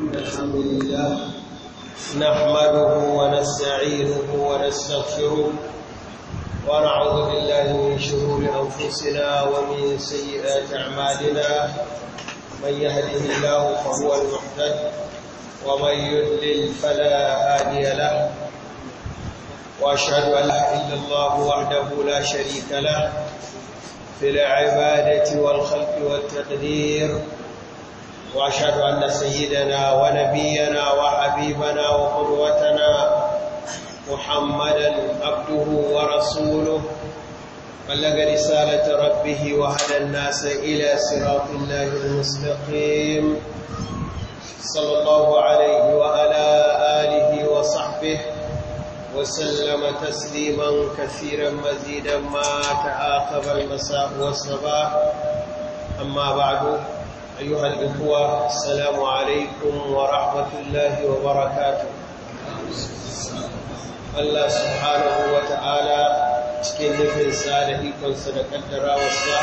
الحمد لله نحمده ونستعينه ونستغفره ونعوذ بالله من شرور أنفسنا ومن سيئات أعمالنا من يهده الله فهو المحتد ومن يضلل فلا هادي له وأشهد أن لا إله إلا الله وحده لا شريك له في العبادة والخلق والتقدير وأشهد أن سيدنا ونبينا وحبيبنا وقدوتنا محمدا عبده ورسوله بلغ رسالة ربه وهدى الناس إلى صراط الله المستقيم صلى الله عليه وعلى آله وصحبه وسلم تسليما كثيرا مزيدا ما تعاقب المساء والصباح أما بعد أيها الأخوة السلام عليكم ورحمة الله وبركاته الله wa Ta'ala cikin nufinsa da ikonsa da kaddarawarsa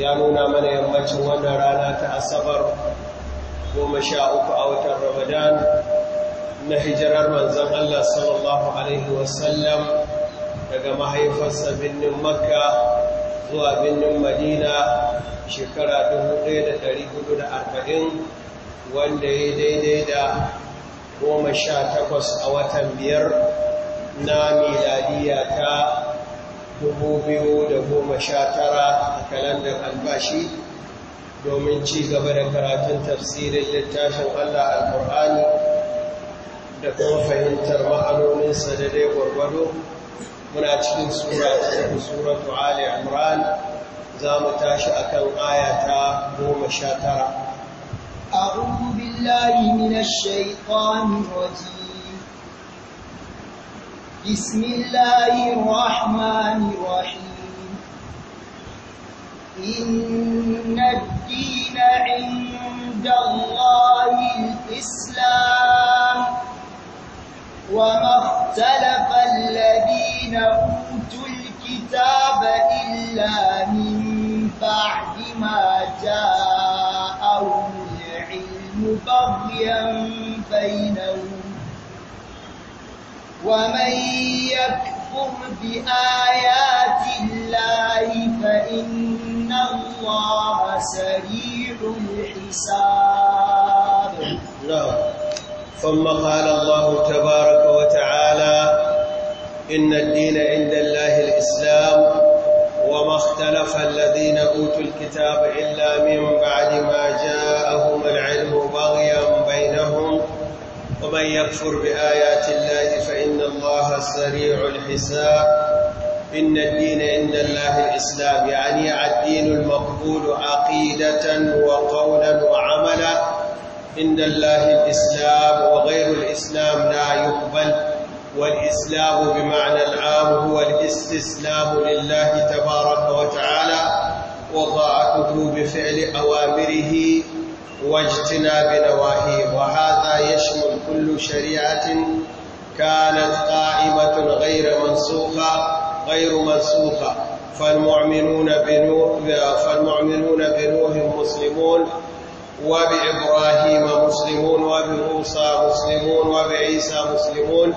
ya nuna mana yammacin wannan rana ta asabar goma sha uku a watan ramadan na hijirar manzan Allah sallallahu Alaihi wasallam daga mahaifarsa birnin makka zuwa birnin madina shekara 1440 wanda ya daidai da goma sha 18 a watan biyar na miladiya ta 2019 a kalandar albashi domin ci gaba da karatun tafsirin littafin Allah al-Qur'ani da kuma fahimtar ma'anoninsa da dai gwargwado muna cikin sura cikin sura tu'ali amuran za mu tashi a kan ayata goma sha tara abubuwan larimin shaikonin waje bismillahi rahmani rahim إن الدين عند الله الإسلام وما اختلف الذين أوتوا الكتاب إلا من بعد ما جاءهم العلم بغيا بينهم ومن يكفر بآيات الله فإن الله سريع الحساب ثم قال الله تبارك وتعالى إن الدين عند الله الإسلام وما اختلف الذين أوتوا الكتاب إلا من بعد ما جاءهم العلم بغيا بينهم ومن يكفر بآيات الله فإن الله سريع الحساب إن الدين عند الله الإسلام يعني الدين المقبول عقيدة وقولا وعملا إن الله الإسلام وغير الإسلام لا يقبل والإسلام بمعنى العام هو الاستسلام لله تبارك وتعالى وطاعته بفعل أوامره واجتناب نواهيه وهذا يشمل كل شريعة كانت قائمة غير منسوخة غير منسوخة فالمؤمنون بنوح فالمؤمنون بنوح مسلمون وبإبراهيم مسلمون وبموسى مسلمون وبعيسى مسلمون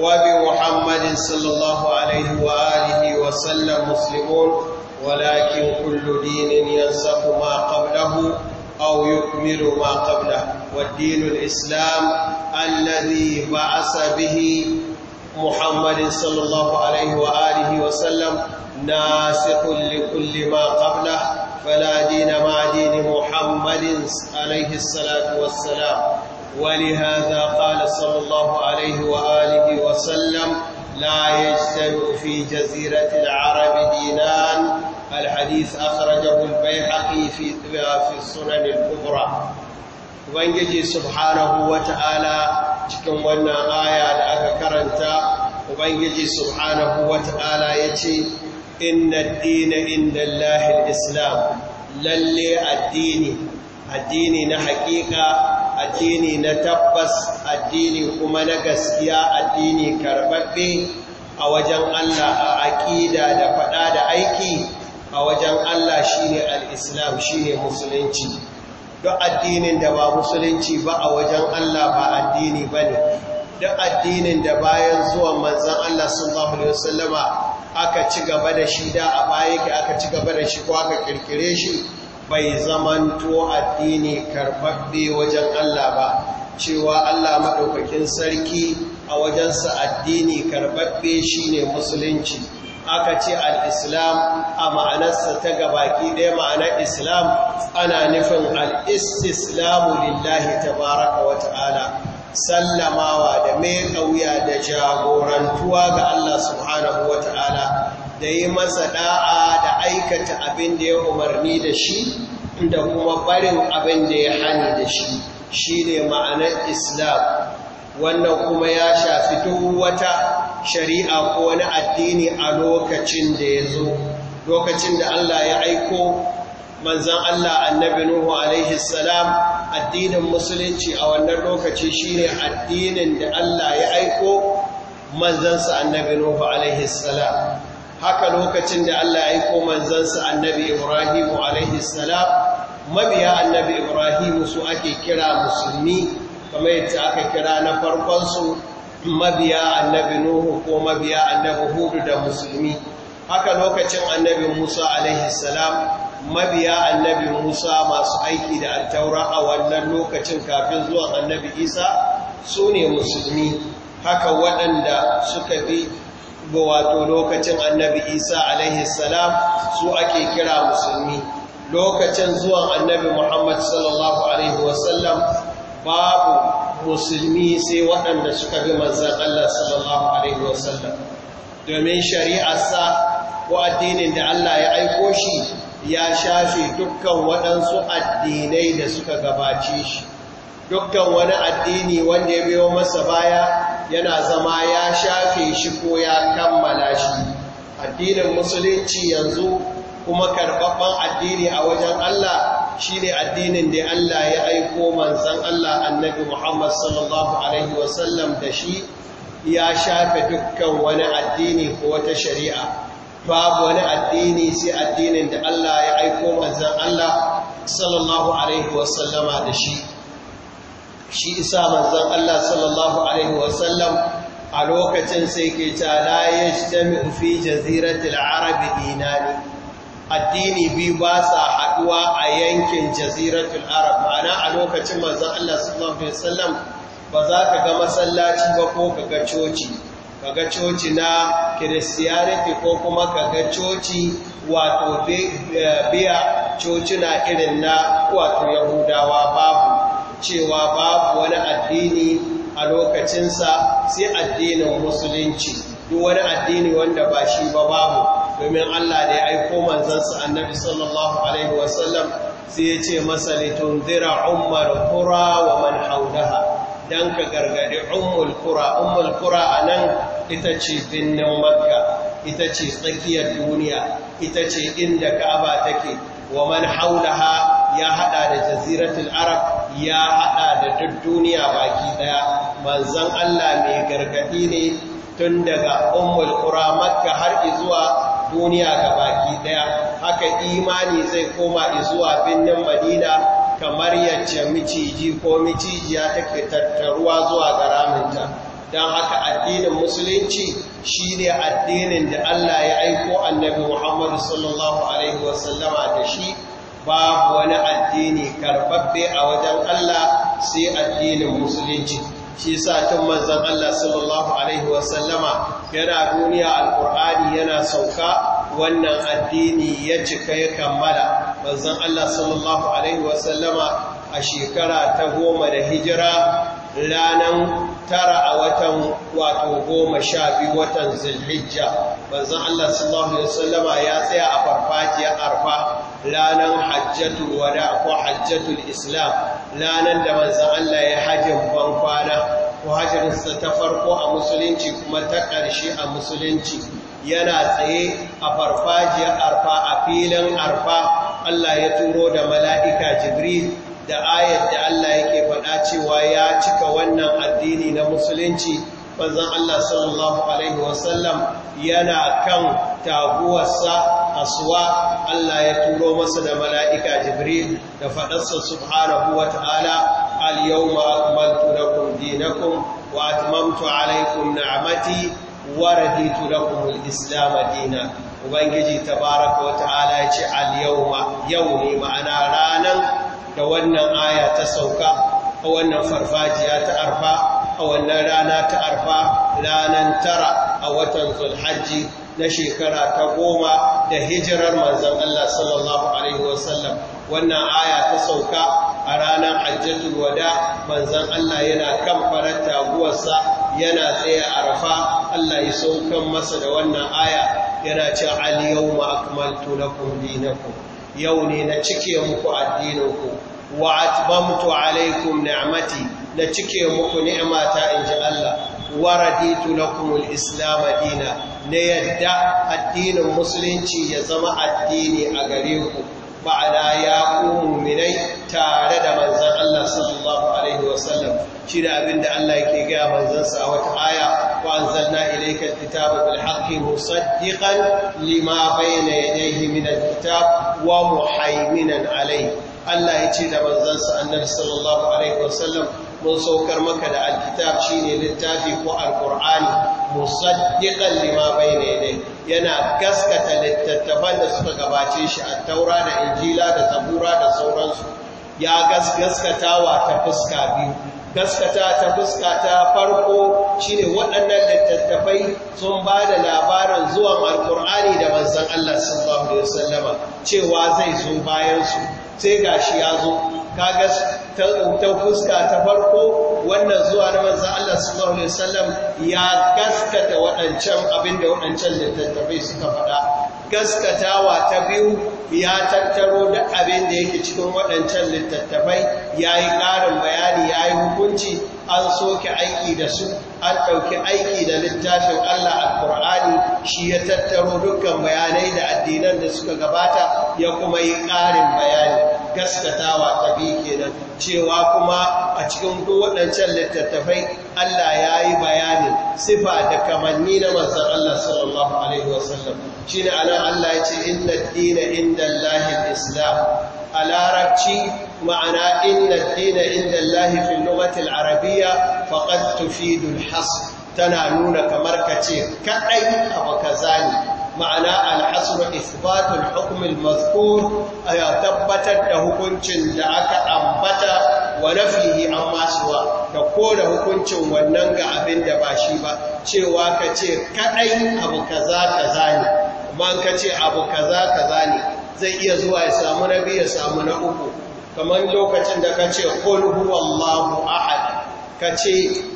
وبمحمد صلى الله عليه وآله وسلم مسلمون ولكن كل دين ينسخ ما قبله أو يكمل ما قبله والدين الإسلام الذي بعث به محمد صلى الله عليه وآله وسلم ناسخ لكل ما قبله فلا دين مع دين محمد عليه الصلاة والسلام ولهذا قال صلى الله عليه وآله وسلم لا يجتمع في جزيرة العرب دينان الحديث أخرجه البيحقي في في السنن الكبرى ubangiji subhanahu wata'ala cikin wannan aya da aka karanta ubangiji subhanahu wata'ala yace inna dina inda lahil Islam lalle addini addini na hakika addini na tabbas addini kuma na gaskiya addini karbabbe a wajen Allah a aƙida da faɗa da aiki a wajen Allah ne al'islam shi shine musulunci duk addinin da ba musulunci ba a wajen Allah ba addini bane duk addinin da bayan zuwan manzon Allah sun alaihi wasallama aka ci gaba da shi da a baya ke aka ci gaba da shi ko aka kirkire shi bai zamanto addini karɓaɓɓe wajen Allah ba cewa Allah maɗaukakin sarki a wajensa addini karɓaɓɓe shi ne musulunci aka ce al'islam a ma'anarsa ta gabaki ɗaya ma'anar islam ana nufin al'is-islamu lillahi tabaraka wa wata'ala sallamawa da mai ɗauya da jagorantuwa ga Allah subhanahu wa ta'ala da yi masa da'a da aikata abin da ya umarni da shi da kuma barin abin da ya hani da shi shi ne ma'anar islam wannan kuma ya shafi duk wata shari'a ko wani addini a lokacin da ya zo lokacin da Allah ya aiko manzan Allah annabi Nuhu alaihi salam addinin musulunci a wannan lokaci shine addinin da Allah ya aiko manzansa annabi Nuhu alaihi salam haka lokacin da Allah ya aiko manzansa annabi Ibrahim alaihi salam mabiya annabi Ibrahim su ake kira musulmi kamar yadda aka kira na farkon su mabiya annabi Nuhu ko mabiya annabi Hudu da musulmi haka lokacin annabi Musa alaihi salam mabiya annabi Musa masu aiki da altaura a wannan lokacin kafin zuwan annabi Isa su ne musulmi haka waɗanda suka bi ga wato lokacin annabi Isa alaihi salam su ake kira musulmi lokacin zuwan annabi Muhammad sallallahu alaihi wasallam babu musulmi sai waɗanda suka bi manzan Allah sallallahu alaihi wasallam domin shari'arsa ko addinin da Allah ya aiko shi ya shafe dukkan waɗansu addinai da suka gabace shi dukkan wani addini wanda ya biyo masa baya yana zama ya shafe shi ko ya kammala shi addinin musulunci yanzu kuma karɓaɓɓen addini a wajen Allah shi ne addinin da Allah ya aiko manzan Allah annabi Muhammad sallallahu Alaihi wasallam da shi ya shafe dukkan wani addini ko wata shari'a babu wani addini sai addinin da Allah ya aiko manzan Allah sallallahu alaihi wasallama da shi shi isa manzan Allah sallallahu alaihi wasallam a lokacin sai ke ta la yajtami'u fi jaziratil arab dinani addini biyu ba sa haɗuwa a yankin jaziratul arab ana a lokacin manzan Allah sallallahu alaihi wasallam ba za ka ga masallaci ba ko ka ga coci kaga coci na christianity ko kuma kaga coci wato eh, biya coci na irin na wato yahudawa babu cewa babu wani addini a lokacinsa sai addinin musulunci duk wani addini wanda ba shi ba babu domin Allah da ya aiko manzansa annabi sallallahu alaihi wasallam sai ya ce masa zira umar kura wa man hawlaha dan ka gargadi kura umul kura a nan. ita ce binnin makka ita ce tsakiyar duniya ita ce inda ka'aba take wa man haulaha ya hada da jaziratul arab ya hada da duk duniya baki daya manzon Allah mai gargadi ne tun daga ummul qura makka har zuwa duniya ga baki daya haka imani zai koma zuwa binnin madina kamar yacce miciji ko micijiya take tattaruwa zuwa garaminta. don haka addinin musulunci shi ne addinin da Allah ya aiko annabi Muhammadu sallallahu Alaihi wasallama da shi babu wani addini karbabbe a wajen Allah sai addinin musulunci shi satin tun manzan Allah sallallahu Alaihi wasallama yana duniya alkur'ani yana sauka wannan addini ya cika ya kammala manzan Allah sallallahu Alaihi wasallama a shekara ta goma da hijira ranar tara a watan wato goma sha biyu watan zilhijja manzan Allah sallallahu Alaihi wasallama ya tsaya a farfajiyar arfa ranar hajjatul wada ko hajjatul islam ranar da manzan Allah ya hajjin kwana ko hajjinsa ta farko a musulunci kuma ta ƙarshe a musulunci yana tsaye a farfajiyar arfa a filin arfa Allah ya turo da mala'ika jibril da ayat da Allah yake faɗa cewa ya cika wannan addini na musulunci manzon Allah sallallahu alaihi wasallam yana kan taguwarsa aswa Allah ya turo masa da mala'ika Jibril da faɗarsa subhanahu wata'ala al-yawma akmaltu lakum dinakum wa atmamtu alaykum ni'mati wa raditu lakum al-islam adina ubangiji tabaaraka wa ta'ala ya ce al yau ne ma'ana ranan da wannan aya ta sauka a wannan farfajiya ta arfa a wannan rana ta arfa ranan tara a watan zulhajji na shekara ta goma da hijirar manzan Allah sallallahu Alaihi wasallam wannan aya ta sauka a ranar hajjatul wada manzan Allah yana kan farar taguwarsa yana tsaye arfa Allah ya saukan masa da wannan aya yana ce al yawma akmaltu lakum dinakum yau ne na cike muku addininku wa atbamtu alaikum ni'mati na cike muku ni'mata in ji Allah wa raditu lakum al-islam dina ne yadda addinin musulunci ya zama addini a gare ku ma'ana ya ku mu'minai tare da manzon Allah sallallahu alaihi wasallam shi da abinda Allah yake ga manzansa a wata aya وأنزلنا إليك الكتاب بالحق مصدقا لما بين يديه من الكتاب ومحيمنا عليه Allah ya ce da manzansa annabi sallallahu alaihi wasallam mun saukar maka da alkitab shine littafi ko alqur'ani musaddiqan lima bayna yadayhi yana gaskata littattafan da suka gabace shi a taura da injila da zabura da sauransu ya gaskatawa ta fuska biyu gaskata ta fuska ta farko shine waɗannan littattafai sun ba da labarin zuwan alkur'ani da manzan Allah sallallahu alaihi wasallama cewa zai zo su, sai gashi ya zo kaga ta fuska ta farko wannan zuwa na manzan Allah sallallahu alaihi wasallam ya gaskata waɗancan abin da waɗancan littattafai suka faɗa gaskatawa ta biyu ya tattaro da abin da yake cikin waɗancan littattafai ya yi ƙarin bayani ya yi hukunci an soke aiki da su an ɗauki aiki da littafin Allah al-Qur'ani shi ya tattaro dukkan bayanai da addinan da suka gabata ya kuma yi ƙarin bayani gaskatawa ta bi kenan cewa kuma a cikin waɗancan littattafai Allah ya yi bayani sifa da kamanni na manzan Allah sallallahu alaihi wasallam shi ne anan Allah ya ce inna dina inda Allahin Islam a larabci ma'ana inna dina inda Allahi fi arabiya faqad tufidul tana nuna kamar kace kaɗai abu kaza ne ma'ana al'asru isbatul hukumil mazkur ya tabbatar da hukuncin da aka ambata wa nafihi an masuwa da kore hukuncin wannan ga abin da ba shi ba cewa ka ce kaɗai abu ka za ne kuma ka ce abu ka za ne zai iya zuwa ya samu na biyu ya samu na uku kamar lokacin da ka ce qul huwallahu ahad ka ce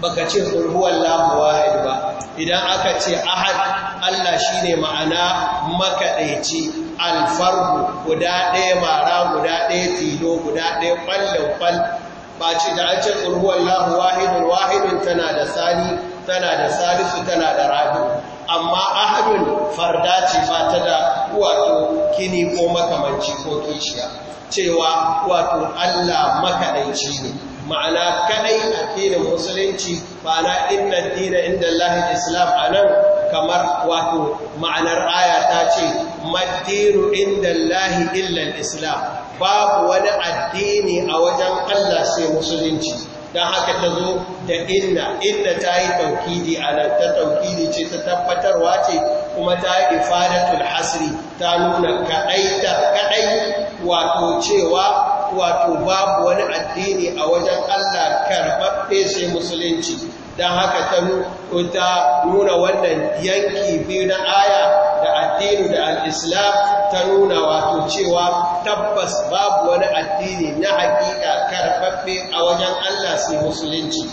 baka ce qul huwallahu wahid ba idan aka ce ahad Allah shine ma'ana makadaici alfarbu guda ɗaya mara guda ɗaya tilo guda ɗaya ƙwallon ƙwal ba ce da an ce qul huwallahu wahidun wahidun tana da sani tana da salisu tana da rabu amma ahadun farda ce ba ta da wato kini ko makamanci ko kishiya cewa wato Allah makaɗaici ne ma'ana kadai addinin musulunci ma'ana inna dina inda Allah islam anan kamar wato ma'anar aya ta ce madinu inda Allah illan islam babu wani addini a wajen Allah sai musulunci don haka ta zo da inna inna ta yi taukidi a nan ta taukidi ce ta tabbatarwa ce kuma ta yi ifadatul hasri ta nuna kadai ta kadai wato cewa wato babu wani addini a wajen Allah karɓaɓɓe sai musulunci don haka ta nuna wannan yanki biyu na aya da addini da al'islam ta nuna wato cewa tabbas babu wani addini na haƙiƙa karɓaɓɓe a wajen Allah sai musulunci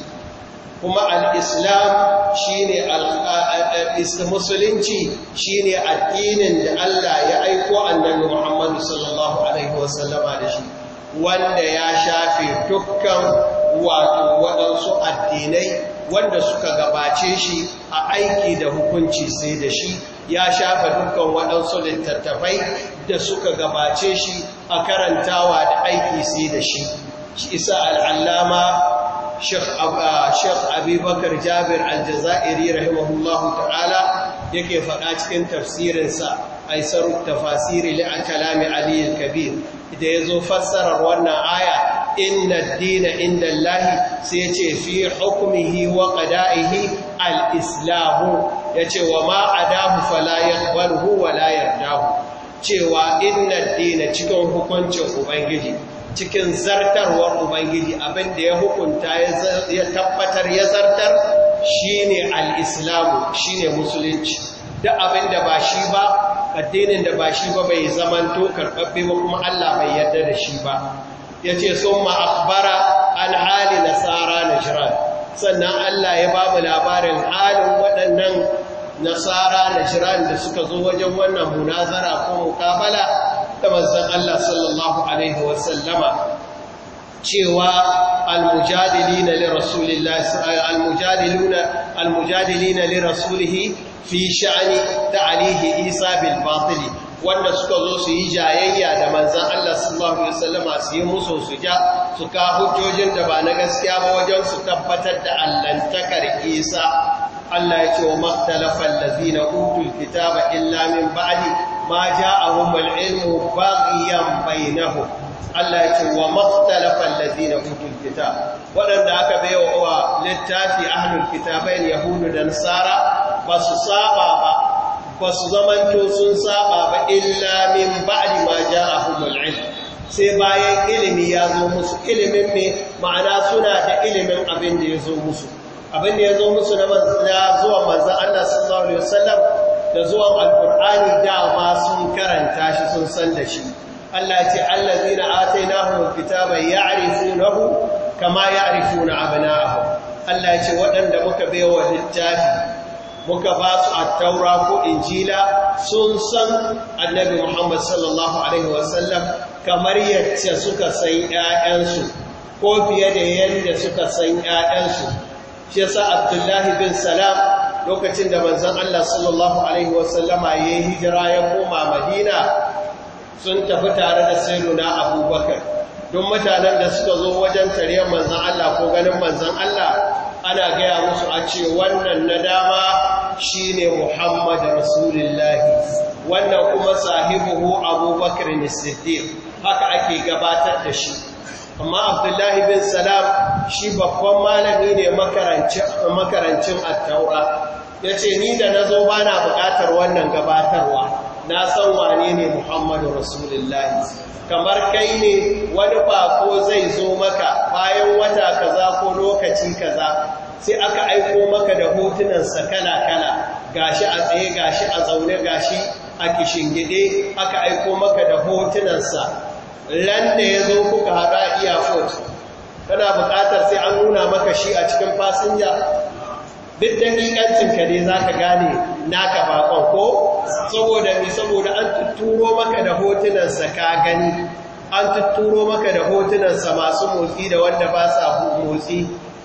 kuma al'islam shi ne musulunci shi ne addinin da Allah ya aiko annabi Muhammadu sallallahu Alaihi wasallama da shi wanda ya shafe dukkan wato waɗansu addinai wanda suka gabace shi a aiki da hukunci sai da shi ya shafe dukkan waɗansu littattafai da suka gabace shi a karantawa da aiki sai da shi isa al'allama Sheikh Abubakar Jabir Aljazairi rahimahullahu ta'ala yake faɗa cikin tafsirinsa aisar tafasiri li kalami ali al-kabir da zo fassarar wannan aya inna ad-dina inda Allah sai ce fi hukmihi wa qada'ihi al'islamu, ya ce wa ma adahu fala yaqbalu wa la yardahu cewa inna dina cikin hukuncin ubangiji cikin zartarwar ubangiji abinda ya hukunta ya tabbatar ya zartar shine al-islam shine musulunci duk abinda ba shi ba addinin da ba shi ba bai zamanto karɓaɓɓe ba kuma Allah bai yarda da shi ba ya ce sun ma'akbara al'ali nasara na jiran, sannan Allah ya ba mu labarin halin waɗannan nasara na jiran da suka zo wajen wannan munazara ko mukabala ta manzan Allah sallallahu Alaihi wasallama cewa almujadilina li rasulillahi almujadiluna almujadilina li rasulihi fi sha'ani ta'alihi isa bil batili wanda suka zo su yi jayayya da manzan Allah sallallahu alaihi wasallama su yi musu su ja su ka hujjojin da ba na gaskiya ba wajen su tabbatar da allantakar isa Allah ya ce wa makhtalafa allazina utul kitaba illa min ba'di ma ja'ahum al-ilmu baghiyan bainahum Allah ya ce wa makhtalafa alladhina utul fita. Waɗanda aka baiwa wa littafi ahlul kitabain yahudu da nasara su saba ba basu zamanto sun saba ba illa min ba'di ma ja a al-ilm sai bayan ilimi ya zo musu ilimin ne ma'ana suna da ilimin abin da ya zo musu abin da ya zo musu na zuwa manzan Allah sallallahu alaihi wasallam da zuwan alkur'ani dama sun karanta shi sun san da shi Allah ce allazina atainahumul kitaba ya'rifunahu kama na abna'ahum Allah ce waɗanda muka baiwa littafi muka ba su at-taura ko injila sun san annabi Muhammad sallallahu alaihi wasallam kamar yadda suka san ƴaƴansu ko fiye da yadda suka san ƴaƴansu shi yasa Abdullahi bin Salam lokacin da manzan Allah sallallahu Alaihi wasallama ya yi hijira ya koma Madina sun tafi tare da nuna abubakar don mutanen da suka zo wajen tariyar manzan Allah ko ganin manzan Allah ana gaya musu a ce wannan na dama shi ne Muhammad Rasulullahi wannan kuma sahibuhu abubakar ne haka ake gabatar da shi amma abdullahi bin salam shi babban malami ne makarancin attaura ya ce ni da na zo ba na buƙatar wannan gabatarwa na san wane ne muhammadu rasulullahi kamar kai ne wani bako zai zo maka bayan wata kaza ko lokaci kaza sai aka aiko maka da hotunansa kala-kala gashi a tsaye gashi a zaune gashi a kishingide aka aiko maka da hotunansa landa ya zo kuka haɗa airport kana bukatar sai an nuna maka shi a cikin fasinja duk dakikancin ka ne za ka gane naka bakon ko saboda ne saboda an tutturo maka da hotunansa ka gani an tutturo maka da hotunansa masu motsi da wanda ba sa motsi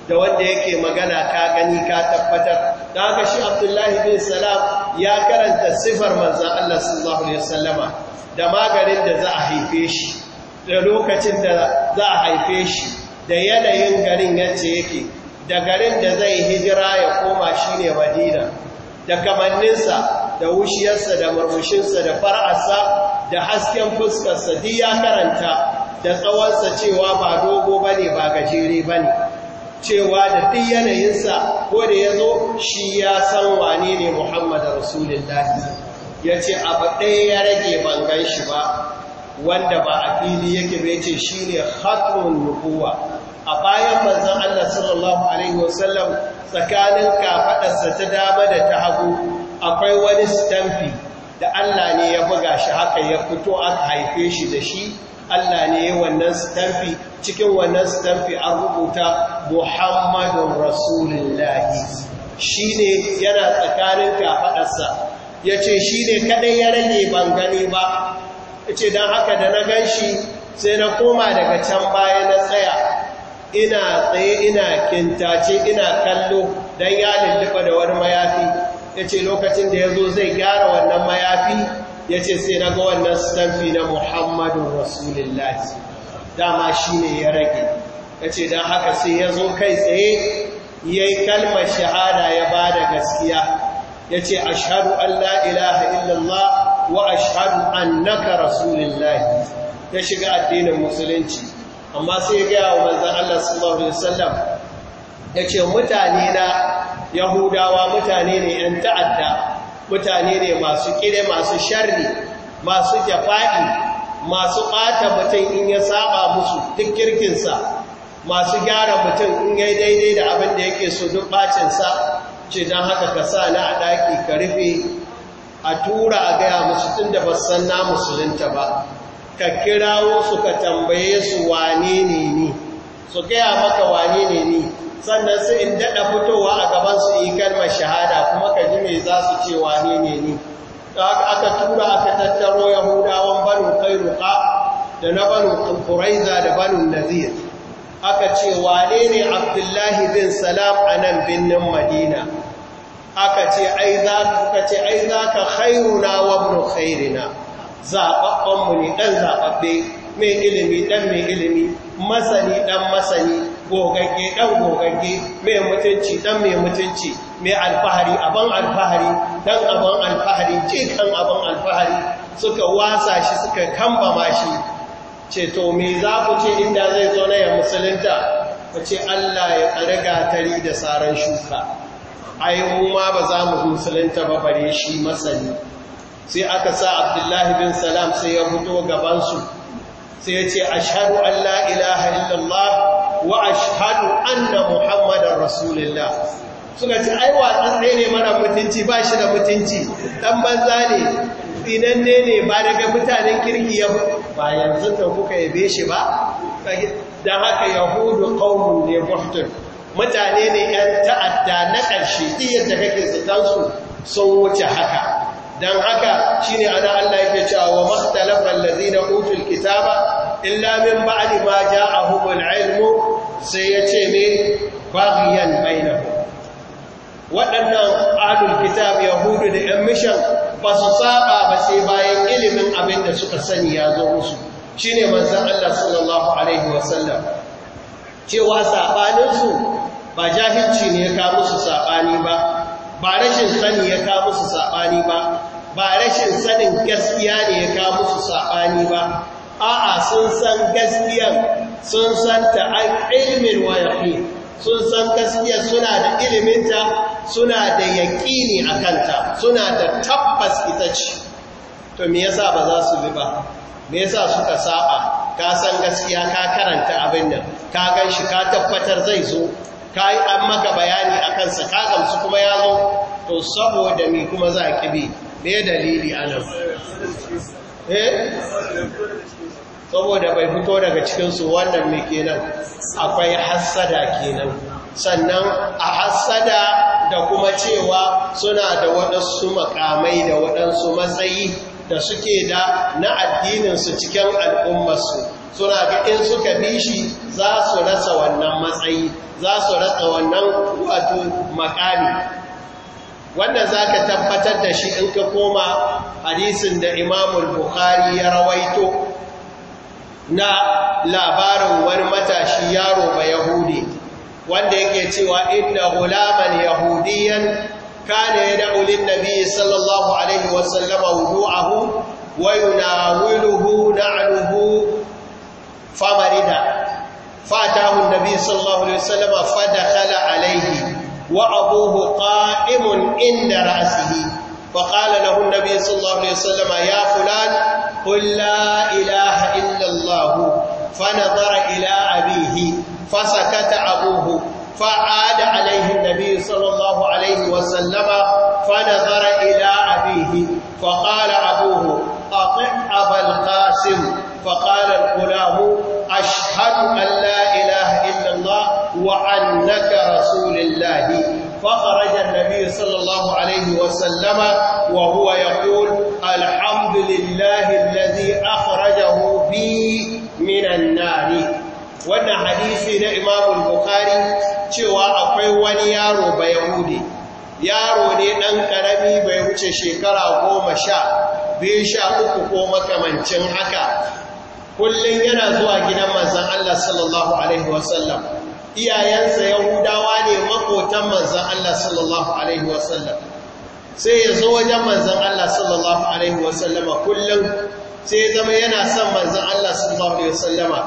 da wanda yake magana ka gani ka tabbatar da haka shi abdullahi bin salam ya karanta sifar manzan Allah sallallahu alaihi wasallama da maganin da za a haife shi da lokacin da za a haife shi da yanayin garin yace yake da garin da zai hijira ya koma shi ne madina da kamanninsa da wushiyarsa da murmushinsa da far'arsa da hasken fuskarsa duk ya karanta da tsawonsa cewa ba dogo ba ne ba gajere ba ne cewa da duk yanayinsa ko da ya zo shi ya san wane ne muhammad rasulullahi ya ce abu ɗaya ya rage bangan shi ba wanda ba a fili yake bai ce shi ne hatrun a bayan manzan Allah sallallahu Alaihi wasallam tsakanin kafaɗarsa ta dama da ta hagu akwai wani stamfi da Allah ne ya buga shi haka ya fito aka haife shi da shi Allah ne ya wannan stamfi cikin wannan stamfi an rubuta Muhammadun Rasulullahi shi ne yana tsakanin kafaɗarsa ya ce shi ne kaɗai ya rage ban gani ba ya ce don haka da na gan shi sai na koma daga can baya na tsaya ina tsaye ina kintace ina kallo don ya lullufa da wani mayafi ya ce lokacin da ya zo zai gyara wannan mayafi ya ce sai na ga wannan stamfi na Muhammadu rasulullahi dama shi ne ya rage ya ce don haka sai ya zo kai tsaye ya yi kalmar shahada ya ba da gaskiya ya ce a shahadu allah ilaha illallah wa a shahadu annaka rasulullahi ya shiga addinin musulunci amma sai ya gaya wa manzan Allah sallallahu alaihi wasallam ya ce mutane na yahudawa mutane ne ‘yan ta'adda mutane ne masu ƙire masu sharri masu jafa'i masu ɓata mutum in ya saba musu duk kirkinsa masu gyara mutum in ya daidai da abin da yake so duk ɓacinsa ce don haka ka sa na a ɗaki ka rufe a tura a gaya musu tun da basan na musulunta ba ka kirawo su ka tambaye su wane ne ni su gaya maka wane ne ni sannan su in daɗa fitowa a gaban su yi kalmar shahada kuma ka ji mai za su ce wane ne ni aka tura aka tattaro yahudawan banu kairuka da na banu kuraiza da banu nazir aka ce wane ne abdullahi bin salam a nan binnin madina aka ce ai za ka khairuna wa abin khairina zaɓaɓɓenmu ne ɗan zaɓaɓɓe mai ilimi ɗan mai ilimi masani ɗan masani gogagge ɗan gogagge mai mutunci ɗan mai mutunci mai alfahari abin alfahari ɗan abin alfahari cikin abin alfahari suka wasa shi suka kambama shi ceto me za ku ce inda zai zo na ya musulunta ku ce Allah ya tsari gatari da saran shuka A mu ma ba za mu musulunta ba bare shi masani sai aka sa abdullahi bin salam sai ya fito gabansu sai ya ce ashadu an Allah ilaha illallah wa ashadu anna muhammadan rasulullah suna ce ai watsan ɗaya ne mara mutunci ba shi da mutunci ɗan banza ne idan ne ba daga mutanen kirki ya ba yanzu ta kuka yabe shi ba da haka yahudu ƙaunu ne buhtun mutane ne ‘yan ta'adda na ƙarshe iya da kake su sun wuce haka dan haka shine ana Allah yake cewa wa makhtalafa allazina utul kitaba illa min ba'di ma hukun ilmu sai yace ne bagiyan bainahum waɗannan ahlul kitab yahudu da yan mishan ba su saba ba sai bayan ilimin abin da suka sani ya zo musu shine manzon Allah sallallahu alaihi wasallam cewa sabanin su ba jahilci ne ya kawo musu sabani ba ba rashin sani ya kawo musu saɓani ba ba rashin sanin gaskiya ne ya ka musu saɓani ba a'a sun san gaskiya sun san ta ilmin wa yaqin sun san gaskiyar suna da iliminta suna da yaƙini a kanta suna da tabbas ita ce to me yasa ba za su bi ba me yasa suka saɓa ka san gaskiya ka karanta abin nan ka gan shi ka tabbatar zai zo ka yi an maka bayani a kansa ka gamsu kuma ya zo to saboda me kuma za ki bi? me dalili anan eh saboda bai fito daga cikinsu wannan mai kenan akwai hassada kenan sannan a hassada da kuma cewa suna da waɗansu makamai da waɗansu matsayi da suke da na addininsu cikin al'ummarsu suna ga in suka bi shi za su rasa wannan matsayi za su rasa wannan wato makami wannan ka tabbatar da shi in ka koma hadisin da Imam Bukhari ya rawaito na labarin wani matashi yaro ba Yahudi wanda yake cewa inda gulaman yahudiyan kana yad'u lin-nabi sallallahu alaihi wasallam wudu'ahu wa yunawiluhu na'luhu famarida fatahu nabi sallallahu alaihi wasallam fadakhala alaihi وأبوه قائم عند رأسه فقال له النبي صلى الله عليه وسلم يا فلان قل لا إله إلا الله فنظر إلى أبيه فسكت أبوه فعاد عليه النبي صلى الله عليه وسلم فنظر إلى أبيه فقال أبوه أطع أبا القاسم فقال الله فخرج النبي صلى الله عليه وسلم وهو يقول الحمد لله الذي أخرجه بي من النار wannan hadisi na Imam Bukhari cewa akwai wani yaro ba Yahudi yaro ne dan karami bai wuce shekara goma sha biyu sha uku ko makamancin haka kullum yana zuwa gidan manzon Allah sallallahu alaihi wasallam iyayensa yahudawa ne makotan manzan Allah sallallahu alaihi wasallam sai ya zo wajen manzan Allah sallallahu alaihi wasallama kullum sai ya zama yana son manzan Allah sallallahu alaihi wasallama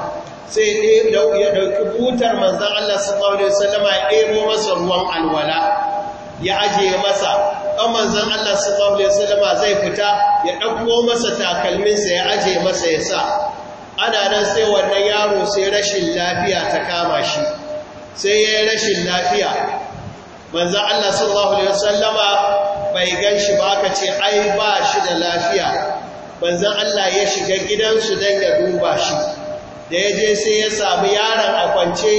sai ya ɗauki butar manzan Allah sallallahu alaihi wasallama ya ɗebo masa ruwan alwala ya ajiye masa ɗan manzan Allah sallallahu alaihi wasallama zai fita ya ɗauko masa takalminsa ya ajiye masa ya sa ana nan sai wannan yaro sai rashin lafiya ta kama shi sai ya yi rashin lafiya manzan Allah sallallahu Alaihi wasallama bai gan shi ba aka ce ai ba shi da lafiya manzan Allah ya shiga gidansu dan ya duba shi da ya je sai ya samu yaron a kwance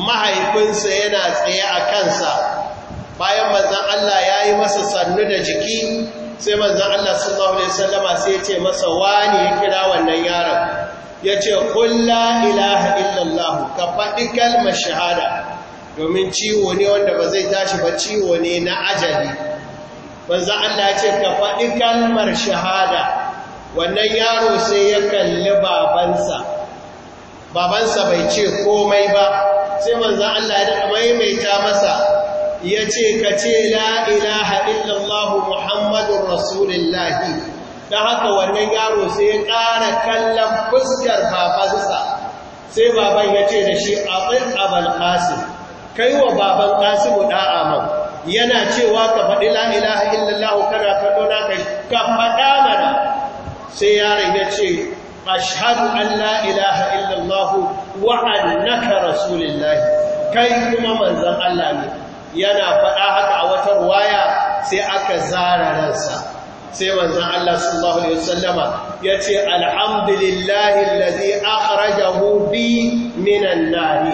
mahaifinsa yana tsaye a kansa bayan manzan Allah ya yi masa sannu da jiki sai manzan Allah sallallahu Alaihi wasallama sai ya ce masa wani ya kira wannan yaron ya ce kulla ilaha illallahu ka faɗi kalmar shahada domin ciwo ne wanda ba zai tashi ba ciwo ne na ajali banza Allah ya ce ka faɗi kalmar shahada wannan yaro sai ya kalli babansa babansa bai ce komai ba sai manza Allah ya daɗa maimaita masa ya ce ka ce la ilaha illallahu muhammadun rasulillahi da haka wannan yaro sai ya ƙara kallon fuskar babansa sai baban ya ce da shi abin abal ƙasim kai wa baban ƙasimu ɗa'a man yana cewa ka faɗi la'ilaha illallahu kana kallo na kai ka faɗa mana sai yaron ya ce ashhadu an la'ilaha illallahu wa'annaka rasulillahi kai kuma manzan Allah ne yana faɗa haka a wata waya sai aka zara ransa sai manzon Allah sallallahu alaihi wasallama ce, alhamdulillahi allazi akhrajahu bi minan nar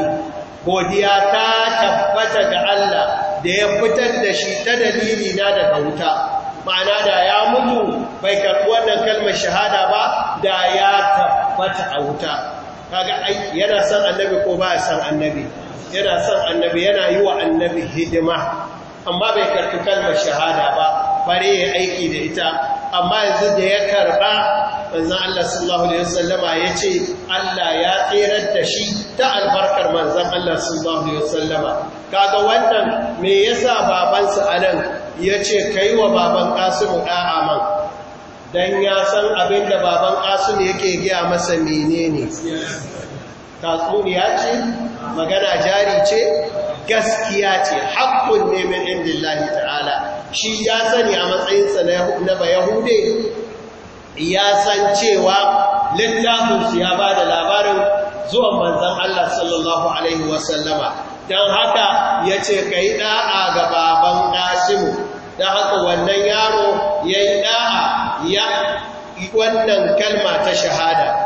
godiya ta tabbata ga Allah da ya fitar da shi ta dalili na daga wuta ma'ana da ya mutu bai karɓi wannan kalmar shahada ba da ya tabbata a wuta kaga yana son annabi ko ba ya son annabi yana son annabi yana yi wa annabi hidima amma bai karfi kalmar shahada ba bare ya aiki da ita amma yanzu da ya karba manzan Allah sallallahu Alaihi wasallama ya ce Allah ya tserar da shi ta albarkar manzan Allah sallallahu Alaihi wasallama kaga wannan me yasa babansa a nan ya ce 'Kai wa baban Kasimu ɗa'a man don ya san abin da baban Kasimu yake giya masa menene tatsuniya ce magana jari ce gaskiya ce haƙƙun neman indillahi ta'ala shi ya sani a matsayinsa na bayahude ya san cewa littafinsu ya ba da labarin zuwan manzan Allah sallallahu Alaihi wasallama don haka ya ce ka yi ɗa'a ga baban ƙasimu don haka wannan yaro ya yi ɗa'a ya wannan kalma ta shahada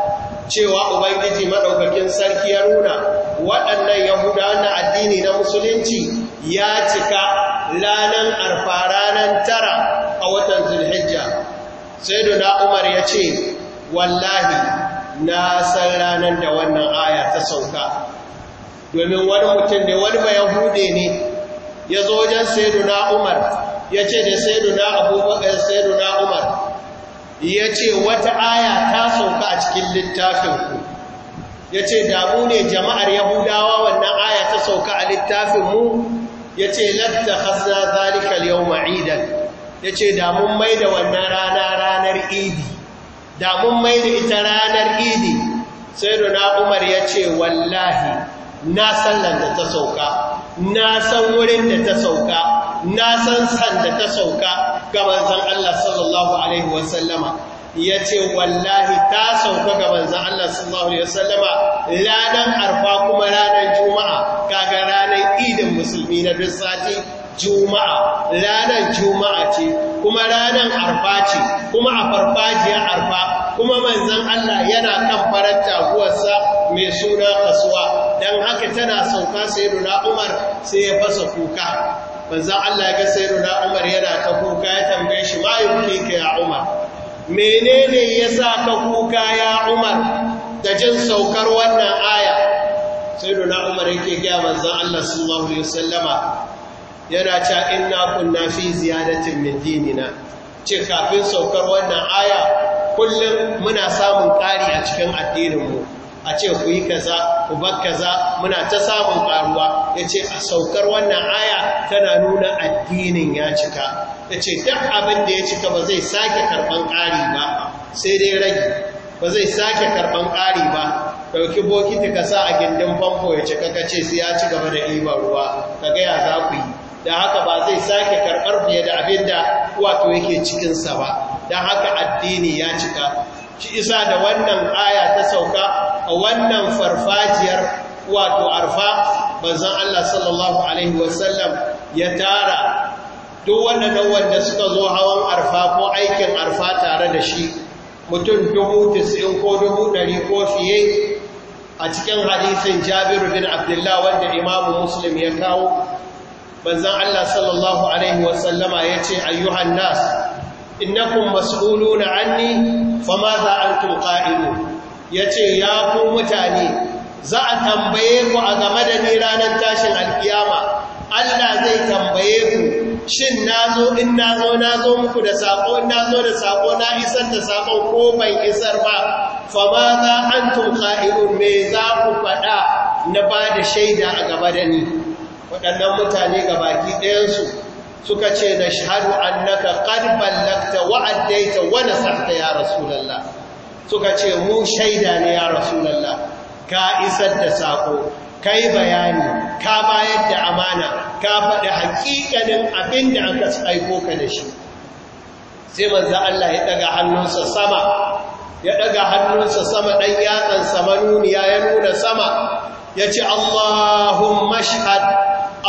cewa ubangiji maɗaukakin sarki ya nuna waɗannan yahuda na addini na musulunci ya cika lanan arfara nan tara a watan zulhijja sai duna umar ya ce wallahi na san ranar da wannan aya ta sauka domin wani mutum da wani ba yahude ne ya zo wajen sai duna umar ya ce da sai duna abubakar sai duna umar ya ce wata aya ta sauka a cikin littafinku ya ce damu ne jama'ar yahudawa wannan aya ta sauka a littafinmu ya ce latta hasna zalikal yau ma'idan ya ce damun mai da wannan rana ranar idi damu mai da ita ranar idi sai na umar ya ce wallahi na san da ta sauka na san wurin da ta sauka na san san da ta sauka ga manzon Allah sallallahu alaihi wasallama ya ce wallahi ta sauka ga manzan Allah sallallahu Alaihi wasallama ranar arfa kuma ranar juma'a kaga ranar idin musulmi na bisati sati juma'a ranar juma'a ce kuma ranar arfa ce kuma a farfajiyar arfa kuma manzan Allah yana kan farar taguwarsa mai suna kasuwa Dan haka tana sauka sai nuna umar sai ya fasa kuka manzan Allah ya ga sai nuna umar yana ta kuka ya tambaye shi ma yi ya umar menene ya sa ka kuka ya umar da jin saukar wannan aya sai na umar yake gaya manzan Allah sallallahu alaihi wasallama yana ta inna kunna fi ziyadatin Madinina. ce kafin saukar wannan aya kullum muna samun ƙari a cikin addininmu a ce ku yi kaza ku bar kaza muna ta samun karuwa yace a saukar wannan aya tana nuna addinin ya cika yace duk abin da ya cika ba zai sake karban ƙari ba sai dai rage ba zai sake karban ƙari ba dauki bokiti ka sa a gindin famfo ya cika ka ce sai ya ci gaba da ɗiban ruwa ka gaya za ku yi da haka ba zai sake karɓar fiye da abin da wato yake cikinsa ba don haka addini ya cika shi isa da wannan aya ta sauka a wannan farfajiyar wato arfa manzon Allah sallallahu alaihi wasallam ya tara duk waɗannan wanda suka zo hawan arfa ko aikin arfa tare da shi mutum dubu tis'in ko dubu dari ko fiye a cikin hadisin jabiru bin abdullah wanda imamu muslim ya kawo manzan Allah sallallahu alaihi wasallama ya ce ayyuhan nas innakum mas'uluna anni ma za antum qa'ilun ya ce ya ku mutane za a tambaye ku a game da ni ranar tashin alkiyama Allah zai tambaye ku shin na zo in na zo na zo muku da sako, in na zo da sako na isar da sako ko ban isar ba fama za an tunka me za ku faɗa na ba da shaida a gaba da ni waɗannan mutane ga baki ɗayansu suka ce na shahadu annaka qad ballagta wa'adaita wa nasahta ya rasulullah suka ce mu shaida ne ya rasulallah ka isar da sako kai bayani ka bayar da amana ka faɗi hakikanin abin da aka aiko ka da shi sai manzo Allah ya daga hannunsa sama ya daga hannunsa sama dan yatsan samanuniya ya nuna sama Ya ci Allahumma shahad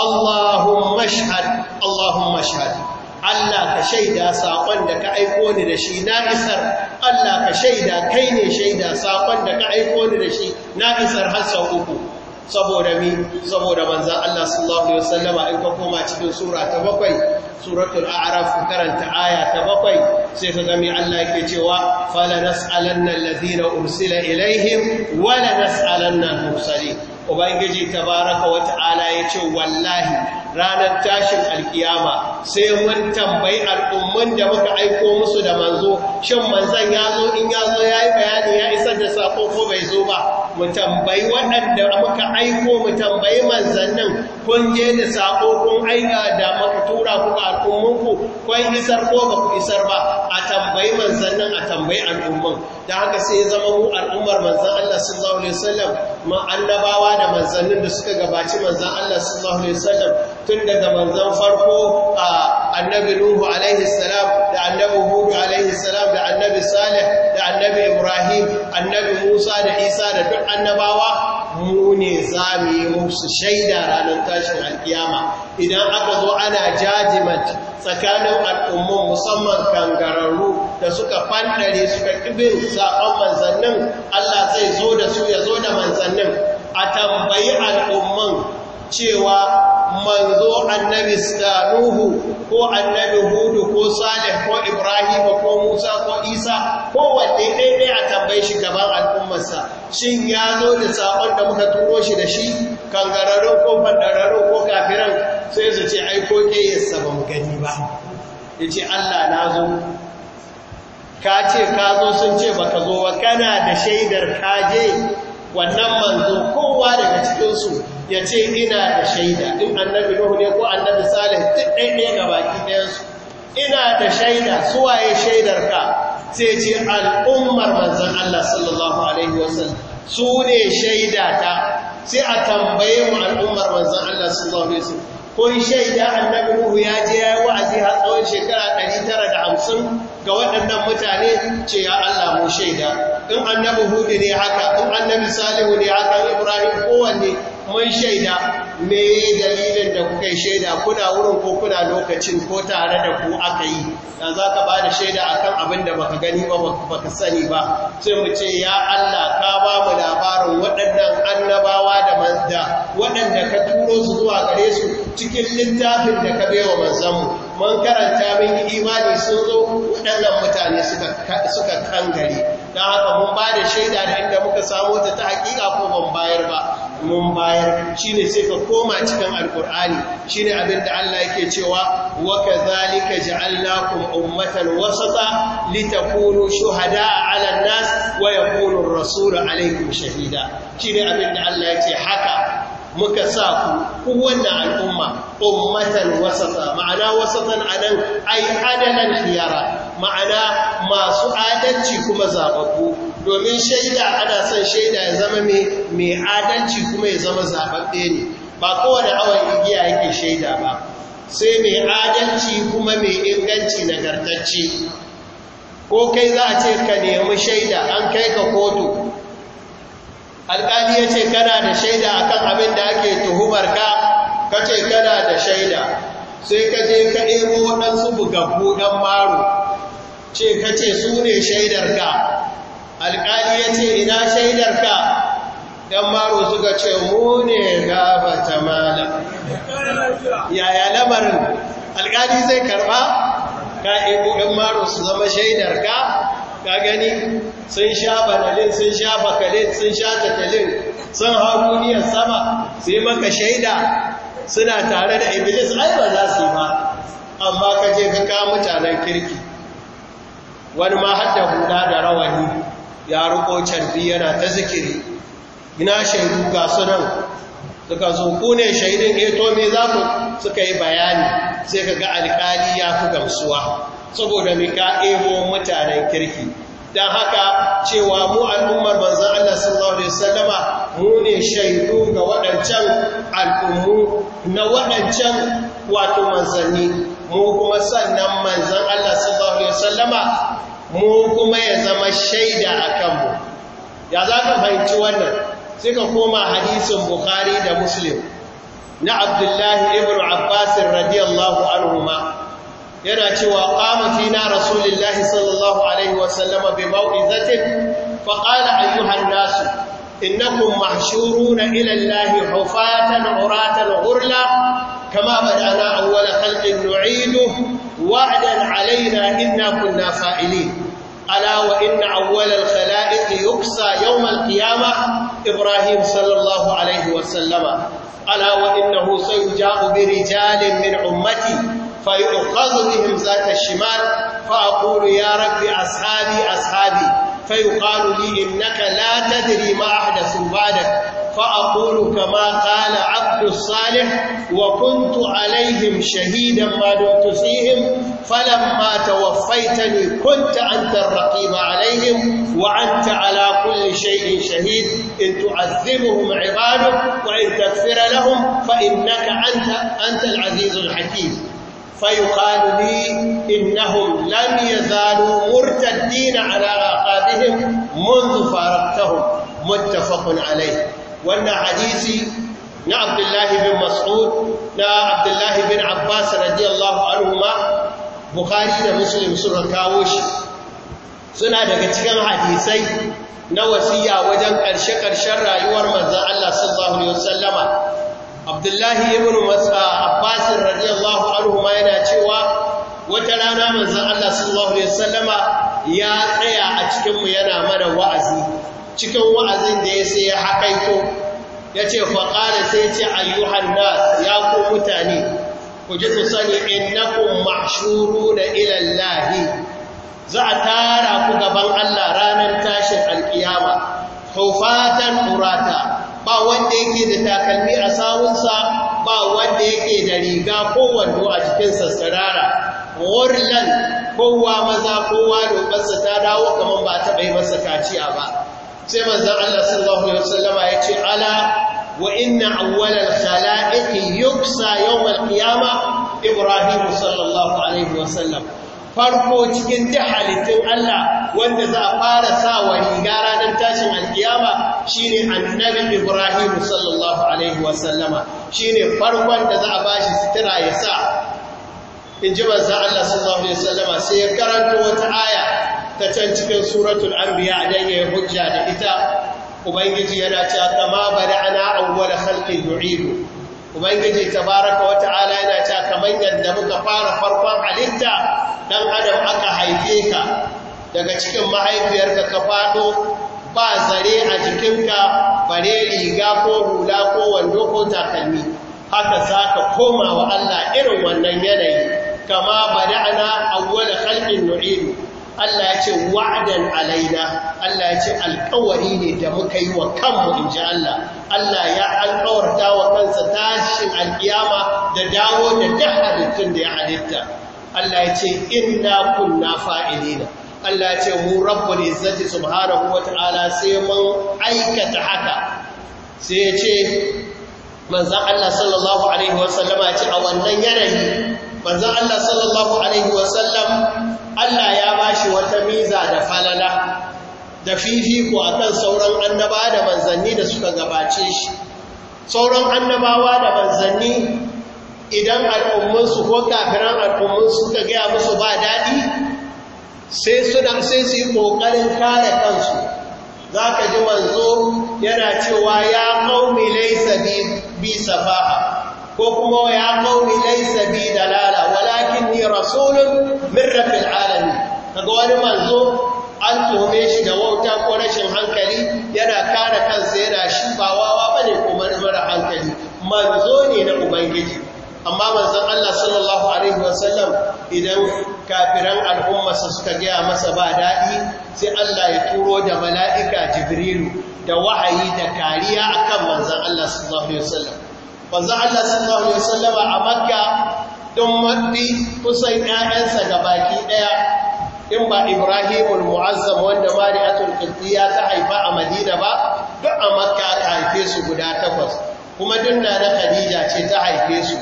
Allahumma shahad Allahumma shahad Allah ka shaida saƙon da ka aiko ni da shi na isar Allah ka shaida kai ne shaida saƙon da ka aiko ni da shi na isar har sau uku saboda mi saboda manzan Allah sallallahu Alaihi wasallama in ka koma cikin sura ta bakwai suratul a'raf karanta aya ta bakwai sai ka gami Allah yake cewa fala nas'alanna alladhina ursila ilaihim wala nas'alanna al ubangiji ta wata ala ya ce wallahi ranar tashin alkiyama sai mun tambayi al'umman da muka aiko musu da manzo shin manzon ya zo in ya zo ya yi bayani ya isar da sako ko bai zo ba mu tambayi waɗanda muka aiko mu tambayi manzannin kun je da sako kun aika da muka tura kuka al'ummanku kun isar ko ba ku isar ba tambayi manzan nan a tambayi al'umman da haka sai ya zama mu al'ummar manzan Allah sallallahu alaihi wasallam ma annabawa da manzannin da suka gabaci manzan Allah sallallahu alaihi wasallam tun daga manzan farko a annabi Nuhu alaihi salam da annabi Hud alaihi salam da annabi Salih da annabi Ibrahim annabi Musa da Isa da duk annabawa mu ne za mu yi musu shaida ranar tashin alkiyama idan aka zo ana jajimat tsakanin al'ummun musamman kangararru da suka fandare suka kibin zaɓen manzannin Allah zai zo da su ya zo da manzannin a tambayi al'umman cewa manzo annabi Nuhu ko annabi Hudu ko Salih ko Ibrahim ko Musa ko Isa ko wanne dai a tambaye shi gaban al'ummarsa shin ya zo da sabon da muka turo shi da shi kangararo ko fadararo ko kafiran sai su ce ai ko ƙeyarsa ba mu gani ba yace Allah na zo ka ce ka zo sun ce baka zo wa kana da shaidar kaje wannan manzo kowa daga cikinsu ya ce ina da shaida in annabi nuhu ne ko annabi salih duk ɗaya ne ga baki ɗayansu ina da shaida Su suwaye shaidar ka sai ce al'ummar manzan Allah sallallahu alaihi wasallam su ne shaida ta sai a tambaye mu al'ummar manzan Allah sallallahu alaihi wasallam ko shaida annabi nuhu ya je ya yi wa'azi har tsawon shekara 950 ga waɗannan mutane ce ya Allah mu shaida in annabi hudu ne haka in annabi salihu ne haka ibrahim kowanne mun shaida me dalilin da kuka yi shaida kuna wurin ko kuna lokacin ko tare da ku aka yi da za ka ba da shaida a kan abin da baka gani ba baka sani ba sai mu ce ya Allah ka ba mu labarin waɗannan annabawa da waɗanda ka turo su zuwa gare su cikin littafin da ka bewa manzanmu mun karanta min imani sun zo waɗannan mutane suka kangare don haka mun ba da shaida da inda muka samu ta ta hakika ko ban bayar ba mun bayar ne sai ka koma cikin alkur'ani shine ne abinda Allah yake cewa wa kadhalika ja'alnakum ummatan wasata litakunu a 'alan nas wa yakunu ar-rasulu 'alaykum shahida shine ne abinda Allah yake haka muka sa ku ku wannan al'umma ummatan wasata ma'ana wasatan anan ay adalan khiyara ma'ana masu adalci kuma zababbu domin shaida ana son shaida ya zama mai adalci kuma ya zama zaɓaɓɓe ne ba kowane awon igiya yake shaida ba sai mai adalci kuma mai inganci nagartacce ko kai za a ce ka nemi shaida an kai ka kotu alƙali ya ce kana da shaida a kan abin da ake tuhumar ka ka ce kana da shaida sai ka je ka ɗebo waɗansu bugabbu ɗan maro ce ka ce su ne shaidarka alƙali ya ce ina shaidarka ɗan maro suka ce mu ne mala yaya lamarin alƙali zai karɓa ka yi ɗan maro su zama shaidarka ka gani sun sha banalin sun sha bakalin sun sha tattalin sun niyan sama su yi maka shaida suna tare da iblis ai ba za su yi ba amma ka je ka mutanen kirki wani ma hadda huda da rawani ya riko carbi yana ta zikiri ina shaidu ga sunan suka zo ku ne shaidin eto eh, me za ku suka yi bayani sai ka ga alƙali ya fi gamsuwa saboda mai ka ebo mutanen kirki don haka cewa mu al'ummar manzan Allah sallallahu Alaihi wasallama mu ne shaidu ga waɗancan al'ummu na waɗancan wato manzanni mu kuma sannan manzan Allah sallallahu Alaihi wasallama mu kuma ya zama shaida a kanmu ya za ka fahimci wannan sai ka koma hadisin bukari da muslim na abdullahi ibn abbasin radiyallahu anhuma yana cewa qama fina rasulullahi sallallahu alaihi wasallam bi mau'izatin fa qala ayyuhan nas innakum mashuru na ilallahi hufatan uratan hurla kama badana awwal khalqin nu'iduhu وعدا علينا إنا كنا فائلين ألا وإن أول الخلائق يقصى يوم القيامة إبراهيم صلى الله عليه وسلم ألا وإنه سيجاء برجال من أمتي فيؤخذ بهم ذات الشمال فأقول يا رب أصحابي أصحابي فيقال لي إنك لا تدري ما أحدث بعدك فأقول كما قال عبد الصالح وكنت عليهم شهيدا ما دمت فيهم فلما توفيتني كنت أنت الرقيب عليهم وأنت على كل شيء شهيد إن تعذبهم عبادك وإن تغفر لهم فإنك أنت, أنت العزيز الحكيم فيقال لي إنهم لم يزالوا مرتدين على عقابهم منذ فارقتهم متفق عليه wannan hadisi na abdullahi bin mas'ud na abdullahi bin abbas radiyallahu anhuma bukhari da muslim suka kawo shi suna daga cikin hadisai na wasiya wajen ƙarshe-ƙarshen rayuwar manzan Allah sallallahu alaihi wasallama abdullahi ibn ah, abbas radiyallahu anhu ma yana cewa wata rana manzan Allah sallallahu alaihi wasallama ya tsaya a cikinmu yana mana wa'azi cikin wa'azin da ya sai ya haƙaito ya ce faƙara sai ce ayyuhan nas ya ku mutane ku ji su sani innakum mashuru da ilallahi za a tara ku gaban Allah ranar tashin alƙiyama hufatan murata ba wanda yake da takalmi a sawunsa ba wanda yake da riga ko wando a cikin sassarara lan kowa maza kowa roƙarsa ta dawo kamar ba ta bai masa kaciya ba sai manzan Allah sallallahu Alaihi wasallama ya ce ala wa inna awwalar khala'iƙi yuksa yawon kiyama Ibrahim sallallahu Alaihi wasallam farko cikin duk Allah wanda za a fara sa wa riga ranar tashin alkiyama shine annabi Ibrahim sallallahu Alaihi wasallama shine farkon da za a bashi sitira ya sa in ji manzan Allah sallallahu Alaihi wasallama sai ya karanta wata aya ta can cikin suratul anbiya dan ya hujja da ita ubangiji yana cewa kama bada ana awwala khalqi du'idu ubangiji tabaraka wa ta'ala yana cewa kaman yadda muka fara farkon halitta dan adam aka haife ka daga cikin mahaifiyarka ka fado ba zare a jikinka bare riga ko hula ko wando ko takalmi haka koma komawa Allah irin wannan yanayi kama bada'na awwala khalqin nu'id Allah ya ce wa'dan alaina Allah ya ce alƙawari ne da muka yi wa kanmu inji Allah Allah ya alƙawarta wa kansa tashin alƙiyama da dawo da duk halittun da ya halitta Allah ya ce inna kunna fa'ilina Allah ya ce mu rabbul izzati subhanahu wata'ala sai mun aikata haka sai ya ce manzan Allah sallallahu Alaihi wasallama ce a wannan yanayi manzan Allah sallallahu alaihi wasallam Allah ya ba shi wata miza da falala da fifiko akan sauran annaba da manzanni da suka gabace shi sauran annabawa da manzanni idan al'ummansu ko kafiran al'ummansu suka gaya musu ba daɗi sai sai su yi ƙoƙarin kare kansu za ka ji manzo yana cewa ya ƙaumi sabi bi safaha ko kuma ya qaumi laysa bi dalala ni rasulun min rabbil alamin kaga wani manzo an tuhume shi da wauta ko rashin hankali yana kare kansa yana shi ba wawa bane ko mara hankali manzo ne na ubangiji amma manzon Allah sallallahu alaihi wasallam idan kafiran al'ummarsa suka gaya masa ba daɗi sai Allah ya turo da mala'ika jibrilu da wa'ayi da kariya akan manzon Allah sallallahu alaihi wasallam manzo Allah sallallahu alaihi wasallam a Makka don waddi kusan 'ya'yansa ga baki ɗaya, in ba Ibrahimul Mu'azzam wanda Mari'atul ya ta haifa a Madina ba duk a Makka aka haife su guda takwas kuma don na Khadija ce ta haife su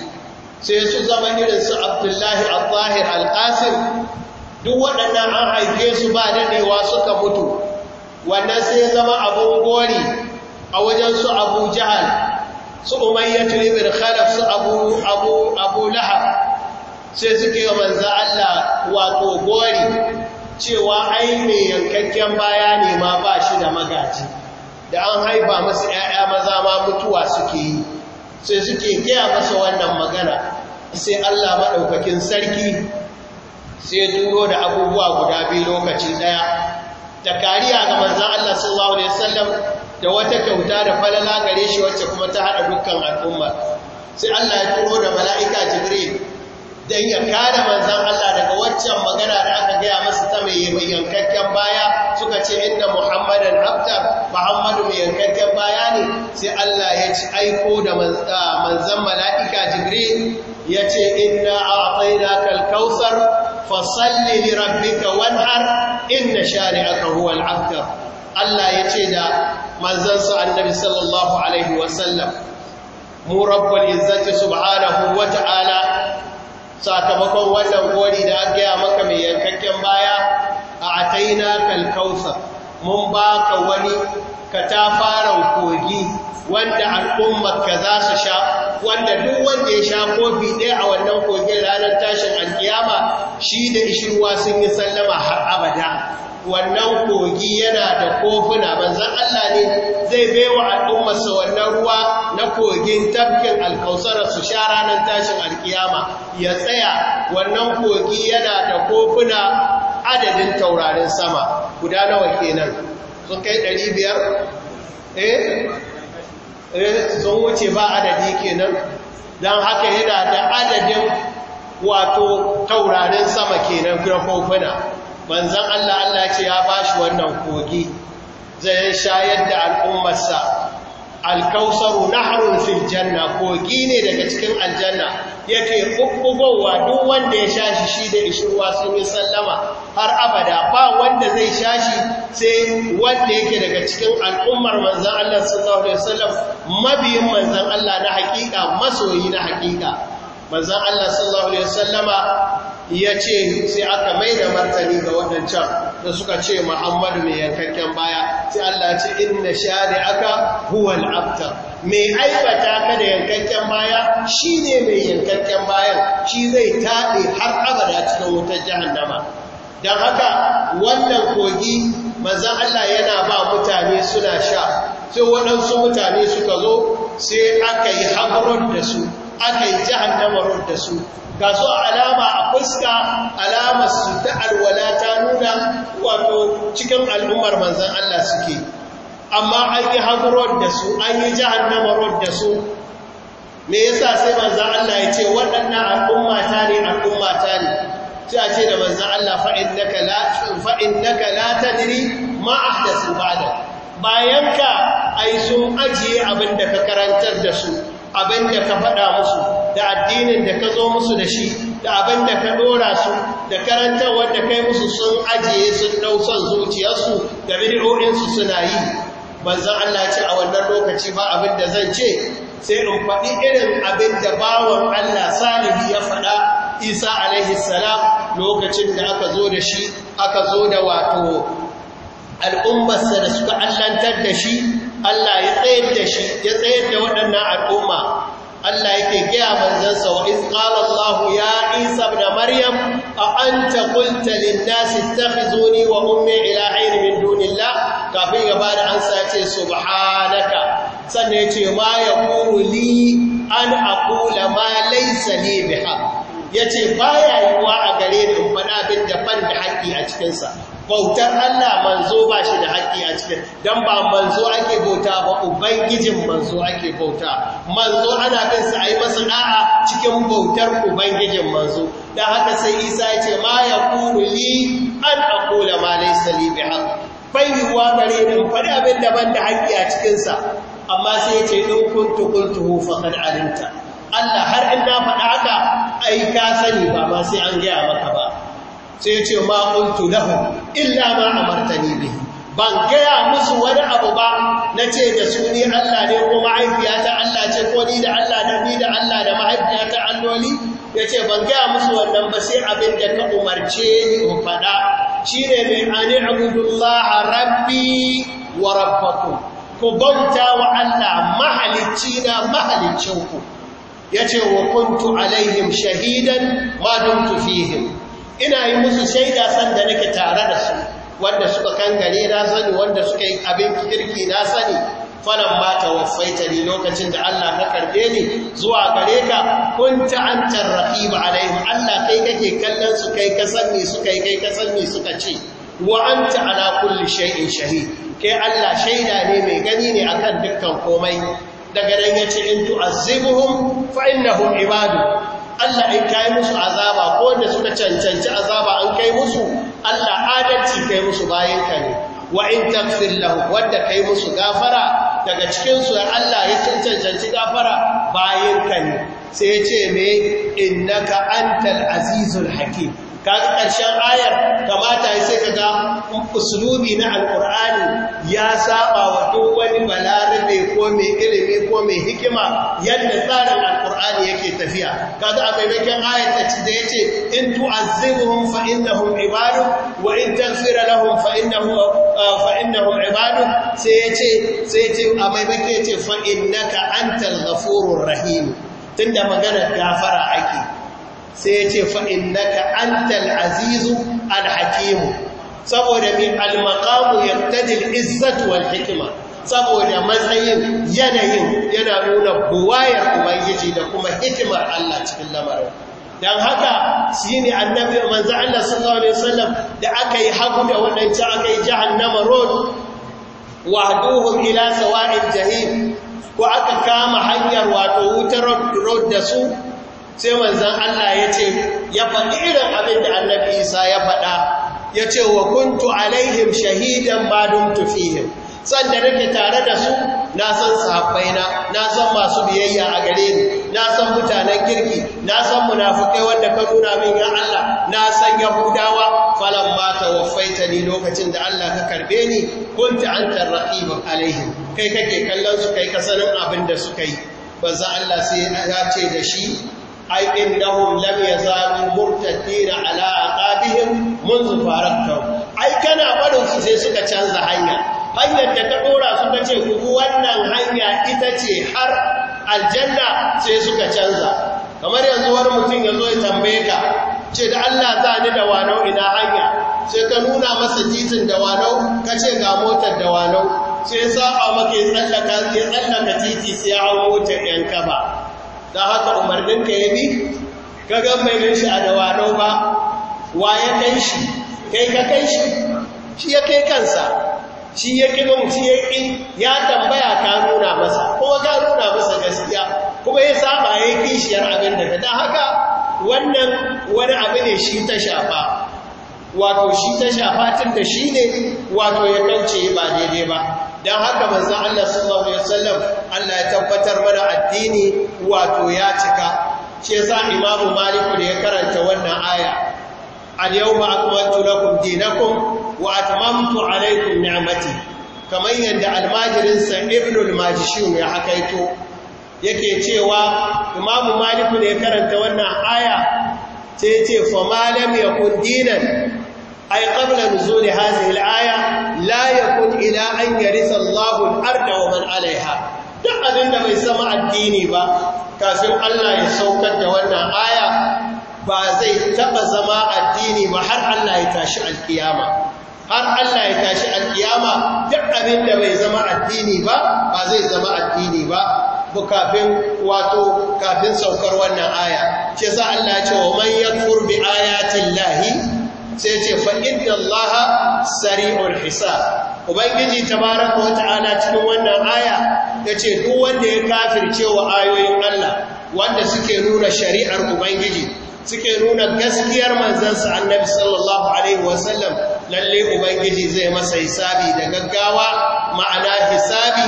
sai su zama irin su Abdullahi al-Zahir al-Qasim duk waɗannan an haife su ba daɗewa suka mutu wannan sai zama abin gori a wajen su Abu Jahal su tuni ibn khalaf su abu abu abu lahab sai suke yi manzan Allah wato gori cewa ai mai yankakken baya ne ma ba shi da magaji da an haifa masu ‘ya'ya maza ma mutuwa suke yi sai suke gaya masa wannan magana sai Allah maɗaukakin sarki sai duro da abubuwa guda biyu lokaci ɗaya da kariya ga manza Allah sallallahu Alaihi wasallam da wata kyauta da falala gare shi wacce kuma ta hada dukkan al'umma sai Allah ya turo da mala'ika jibril dan ya kare manzon Allah daga waccan magana da aka gaya masa ta mai yankakken baya suka ce inda muhammadan abda muhammadu mai yankakken baya ne sai Allah ya ci aiko da manzon mala'ika jibril ya ce inna a'tainaka al-kautsar fasalli li rabbika wanhar inna shari'aka huwa al-abtar Allah ya ce da manzansa annabi sallallahu alaihi wasallam mu rabbul izzati subhanahu wa ta'ala sakamakon wannan gori da aka gaya maka mai yankakken baya a ataina kalkausa mun baka wani fara kogi wanda al'ummar ka za su sha wanda duk wanda ya sha kofi ɗaya a wannan kogin ranar tashin alkiyama shi da ishirwa sun yi sallama har abada wannan kogi yana da kofuna manzan Allah ne zai baiwa al'ummarsa wannan ruwa na kogin tafkin alkausar su sha ranar tashin alkiyama ya tsaya wannan kogi yana da kofuna adadin taurarin sama guda nawa kenan sun kai 500 eh? eh sun wuce ba adadi kenan don haka yana da adadin wato taurarin sama kenan kofuna manzan Allah Allah ce ya ba shi wannan kogi zai shayar da al'ummarsa alkausaru harin fil janna kogi ne daga cikin aljanna ya yake bubbugowa duk wanda ya sha shi shi da ishirwa sun yi sallama har abada ba wanda zai sha shi, sai wanda yake daga cikin al'ummar manzan Allah sallallahu alaihi wasallam mabiyin manzan Allah na hakika masoyi na hakika manzan Allah sallallahu alaihi wasallama ya ce sai aka mai da martani ga waɗancan da suka ce muhammadu mai yankakken baya sai Allah ce inna shari aka huwal abtar mai aibata ka da yankakken baya shi ne mai yankakken bayan shi zai taɗe har abada cikin wutar jahannama don haka wannan kogi manzan Allah yana ba mutane suna sha sai waɗansu mutane suka zo sai aka yi haɓarar da su aka yi jahannama da su ga su alama a fuska alamar su ta alwala ta nuna wato cikin al'ummar manzan Allah suke amma an yi hazurar da su an yi jahannamarar da su me yasa sai manzan Allah ya ce waɗannan al'umma ta ne al'umma ta ne sai a ce da manzan Allah fa'in naka la ta diri ma'a da su ba da bayanka ai sun ajiye abin da ka karantar da su abin da ka faɗa musu da addinin da ka zo musu da shi da abin da ka ɗora su da karantarwar da kai musu sun ajiye sun ɗau zuciyarsu da bid'o'insu suna yi manzon Allah ce a wannan lokaci ba abin da zan ce sai in faɗi irin abin da bawan Allah salihu ya faɗa Isa alaihi salam lokacin da aka zo da shi aka zo da wato al'ummarsa da suka allantar da shi Allah ya tsayar da shi ya tsayar da waɗannan al'umma Allah yake gaya manzansa wa isqala Allah ya Isa Maryam a anta qulta lin-nasi wa ummi ilahin min dunillah kafin ya bada ansa ce subhanaka sannan yace ma ya li an aqula ma laysa li bihaq yace baya yiwa a gare ni in bin da ban da haƙƙi a cikinsa. bautar Allah manzo ba shi da haƙƙi a cikin don ba manzo ake bauta ba ubangijin manzo ake bauta manzo ana a ayi masa a'a cikin bautar ubangijin manzo dan haka sai Isa ya ce ma ya kuru li an aqula ma laysa li bihaq bai yiwuwa gare ne faɗi abin da ban da haƙƙi a cikinsa amma sai ya ce in kuntu qultuhu faqad alimta Allah har in na faɗa haka ai ka sani ba ma sai an gaya maka ba sai ce ma qultu lahum illa ma amartani bihi ban gaya musu wani abu ba na ce da su ni Allah ne ko mahaifiyata Allah ce ko ni da Allah da ni da Allah da mahaifiyata alloli ya ce ban gaya musu wannan ba sai abin da ka umarce ni in faɗa shi ne mai ani abudullaha rabbi wa rabbakum ku bauta wa Allah mahalicci na mahalicinku ya ce wa kuntu alaihim shahidan ma dumtu fihim ina yi musu shaida san da nake tare da su wanda suka kangare na sani wanda suka yi abin kirki na sani ba ta tawaffaita ne lokacin da Allah ka karbe ni zuwa gare ka kunta antar ba alaihim Allah kai kake kallon su kai ka sanni su kai kai ka sanni suka ce wa anta ala kulli shay'in shahid kai Allah shaida ne mai gani ne akan dukkan komai daga nan yace in tu'azzibuhum fa innahum ibadu Allah in kai musu azaba ko da suka cancanci azaba an kai musu Allah adalci kai musu bayan ka ne wa in taghfir lahu wanda kai musu gafara daga cikin su Allah ya cancanci gafara bayan ka ne sai ya ce me innaka antal azizul hakim kaga ƙarshen ayar kamata ya sai kaga usulubi na alƙur'ani ya saba wa duk wani balarabe ko mai ilimi ko mai hikima yadda tsarin alƙur'ani yake tafiya kaga a maimakon ayar ta ci da ya ce in tu'azzibuhum fa innahum ibadu wa in taghfira lahum fa innahum uh, fa innahum ibadu sai ya ce sai ya ce a maimakon ya fa innaka antal ghafurur rahim tunda magana gafara ake sai ya ce ka antal azizu alhakimu saboda mai almakamu yattadil izzatu wal hikima saboda matsayin yanayin yana nuna buwayar ubangiji da kuma hikimar Allah cikin lamarin don haka shi ne annabi manza, Allah sallallahu alaihi sallam da aka yi hagu da waɗancan aka yi jahannama road wahduhum ila sawa'il jahim ko aka kama hanyar wato wutar road da su sai manzan Allah ya ce ya faɗi irin abin da annabi isa ya faɗa ya ce wa kuntu alaihim shahidan ba dumtu fihim sanda nake tare da su na san sahabbaina na san masu biyayya a gare ni na san mutanen kirki na san munafukai wanda ka nuna min ya Allah na san yahudawa falan ma tawaffaita ni lokacin da Allah ka karbe ni kunta anta raqibun alaihim kai kake kallon su kai ka abin da suka yi banza Allah sai ya ce da shi أي إنهم لم يزالوا مرتدين على عقابهم Ai kana أي su sai suka canza hanya. hanyar da ta dora su ta ce kuma wannan hanya ita ce har aljanna sai suka canza kamar yanzu wani mutum ya zo ya tambaye ka ce da Allah za ni da wanau ina hanya sai ka nuna masa titin da wanau ka ce ga motar da wanau sai saba maka ya tsallaka titi sai ya hau motar yan kaba da haka umarninka ya bi gagan mai nan shi a dawanau ba wayan ɗan shi kai ka kai shi shi ya kai kansa shi ya ƙi mun shi ya ƙi ya tambaya ka nuna masa kuma ka nuna masa gaskiya kuma ya saba ya ƙi shi yar abin daga da haka wannan wani abu ne shi ta shafa wato shi ta shafa tun da shi ne wato ya kance ba daidai ba don haka manzan Allah sallallahu Alaihi wasallam Allah ya tabbatar mana addini wato ya cika ce za imamu maliku da ya karanta wannan aya al-yawma akmaltu lakum dinakum wa atmamtu alaykum ni'mati kamar yadda almajirin sa ibnu almajishin ya hakaito yake cewa imamu maliku da ya karanta wannan aya ce ce fa malam ya yakun dinan ay qabla nuzul hadhihi al-aya la yakun ila an yarisa Allahu al-arda wa man 'alayha duk abinda bai sama addini ba kafin Allah ya saukar da wannan aya ba zai taba zama addini ba har Allah ya tashi alkiyama har Allah ya tashi alkiyama duk abinda bai zama addini ba ba zai zama addini ba kafin wato kafin saukar wannan aya ce za Allah ce wa man yakfur bi ayatin sai ce fa inna Allah sari'ul hisab ubangiji tabaraka wa ta'ala cikin wannan aya yace duk wanda ya kafirce wa ayoyin Allah wanda suke nuna shari'ar ubangiji suke nuna gaskiyar manzansa annabi sallallahu alaihi wasallam lalle ubangiji zai masa hisabi da gaggawa ma'ana hisabi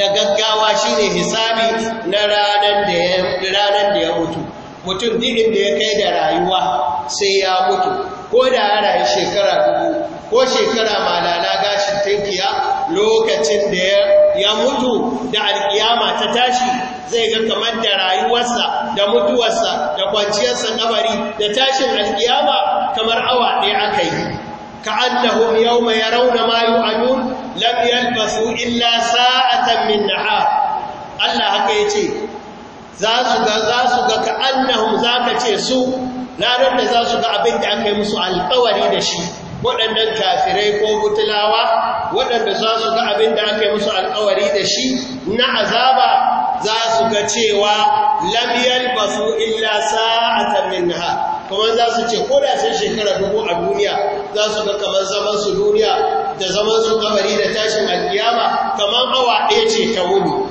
da gaggawa shine hisabi na ranar da ya mutu mutum didin da ya kai da rayuwa sai ya mutu ko da ya rayu shekara dubu ko shekara malala gashin tankiya lokacin da ya mutu da alkiyama ta tashi zai ga kamar da rayuwarsa da mutuwarsa da kwanciyarsa kabari da tashin alkiyama kamar awa ɗaya aka yi ma يوم يرون ma يوعدون لم يلبثوا illa ساعة kan Minna'a. Allah haka yace za su ga za su ga ka annahum ce su ranar da za su ga abin da aka yi musu alƙawari da shi waɗannan kafirai ko butulawa waɗanda za su ga abin da aka yi musu alƙawari da shi na azaba za su ga cewa ba su illa sa'atan min nahar kamar za su ce koda sun shekara dubu a duniya za su ga kamar zaman su duniya da zaman su kamari da tashin alkiyama kamar awa ɗaya ce ta wuni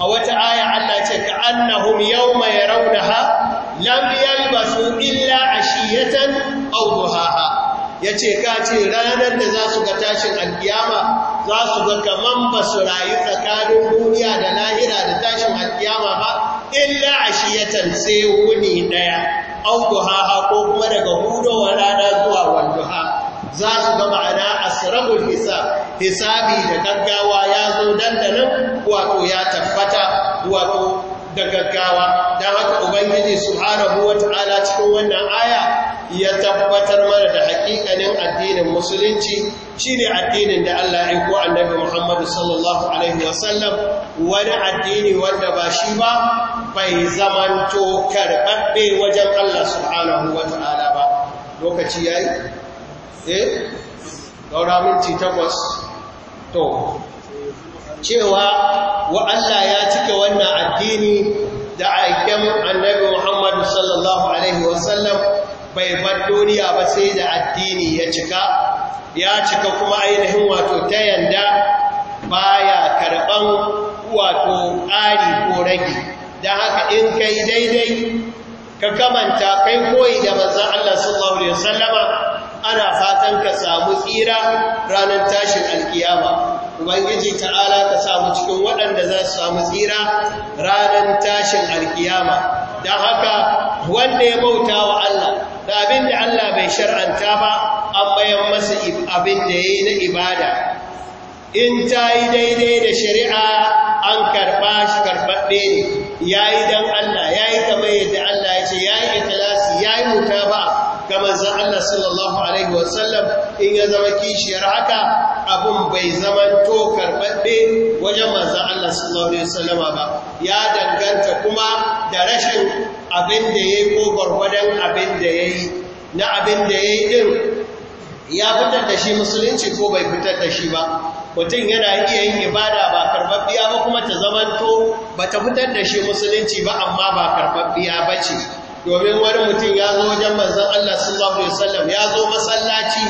a wata aya Allah ce ka annahum yawma yarawnaha lam yalbasu illa ashiyatan aw duhaha yace ka ce ranar da za su ga tashin alkiyama za su ga kaman ba su rayu tsakanin duniya da lahira da tashin alkiyama ba illa ashiyatan sai wuni daya aw duhaha ko kuma daga wa rana zuwa wanduha za su ga ma'ana asrabul hisab hisabi da gaggawa ya zo dandanan wato ya tabbata wato da gaggawa don haka ubangiji subhanahu wata'ala cikin wannan aya ya tabbatar mana da hakikanin addinin musulunci shine addinin da Allah ya aika annabi Muhammad sallallahu alaihi wasallam wani addini wanda ba shi ba bai zamanto karɓaɓɓe wajen Allah subhanahu wata'ala ba lokaci yayi eh daura minti takwas to cewa wa Allah ya cika wannan addini da aikin annabi Muhammad sallallahu alaihi wasallam bai bar duniya ba sai da addini ya cika ya cika kuma ainihin wato ta yanda baya karɓan wato ƙari ko rage Da haka in kai daidai ka kamanta kai koyi da manzon Allah sallallahu alaihi wasallama ana fatan ka samu tsira ranar tashin alkiyama ubangiji ta'ala ka samu cikin waɗanda za su samu tsira ranar tashin alkiyama don haka wanda ya bauta wa Allah da abin da Allah bai shar'anta ba an bayan masa abin da ya yi na ibada in ta yi daidai da shari'a an karɓa shi karɓaɓɓe ne ya yi don Allah ya yi kamar yadda Allah ya ce ya yi ikilasi ya yi mutaba kama zan Allah sallallahu Alaihi wasallam in ya zama kishiyar haka abin bai zama to karɓaɓɓe wajen manzan Allah sallallahu Alaihi wasallam ba ya danganta kuma da rashin abin da ya yi ko gwargwadon abin da ya yi na abin da ya yi ɗin ya fitar da shi musulunci ko bai fitar da shi ba mutum yana iya yin ibada ba karɓaɓɓiya ba kuma ta to ba ta fitar da shi musulunci ba amma ba karɓaɓɓiya ba ce domin wani mutum ya zo wajen manzan Allah sallallahu alaihi wasallam ya zo masallaci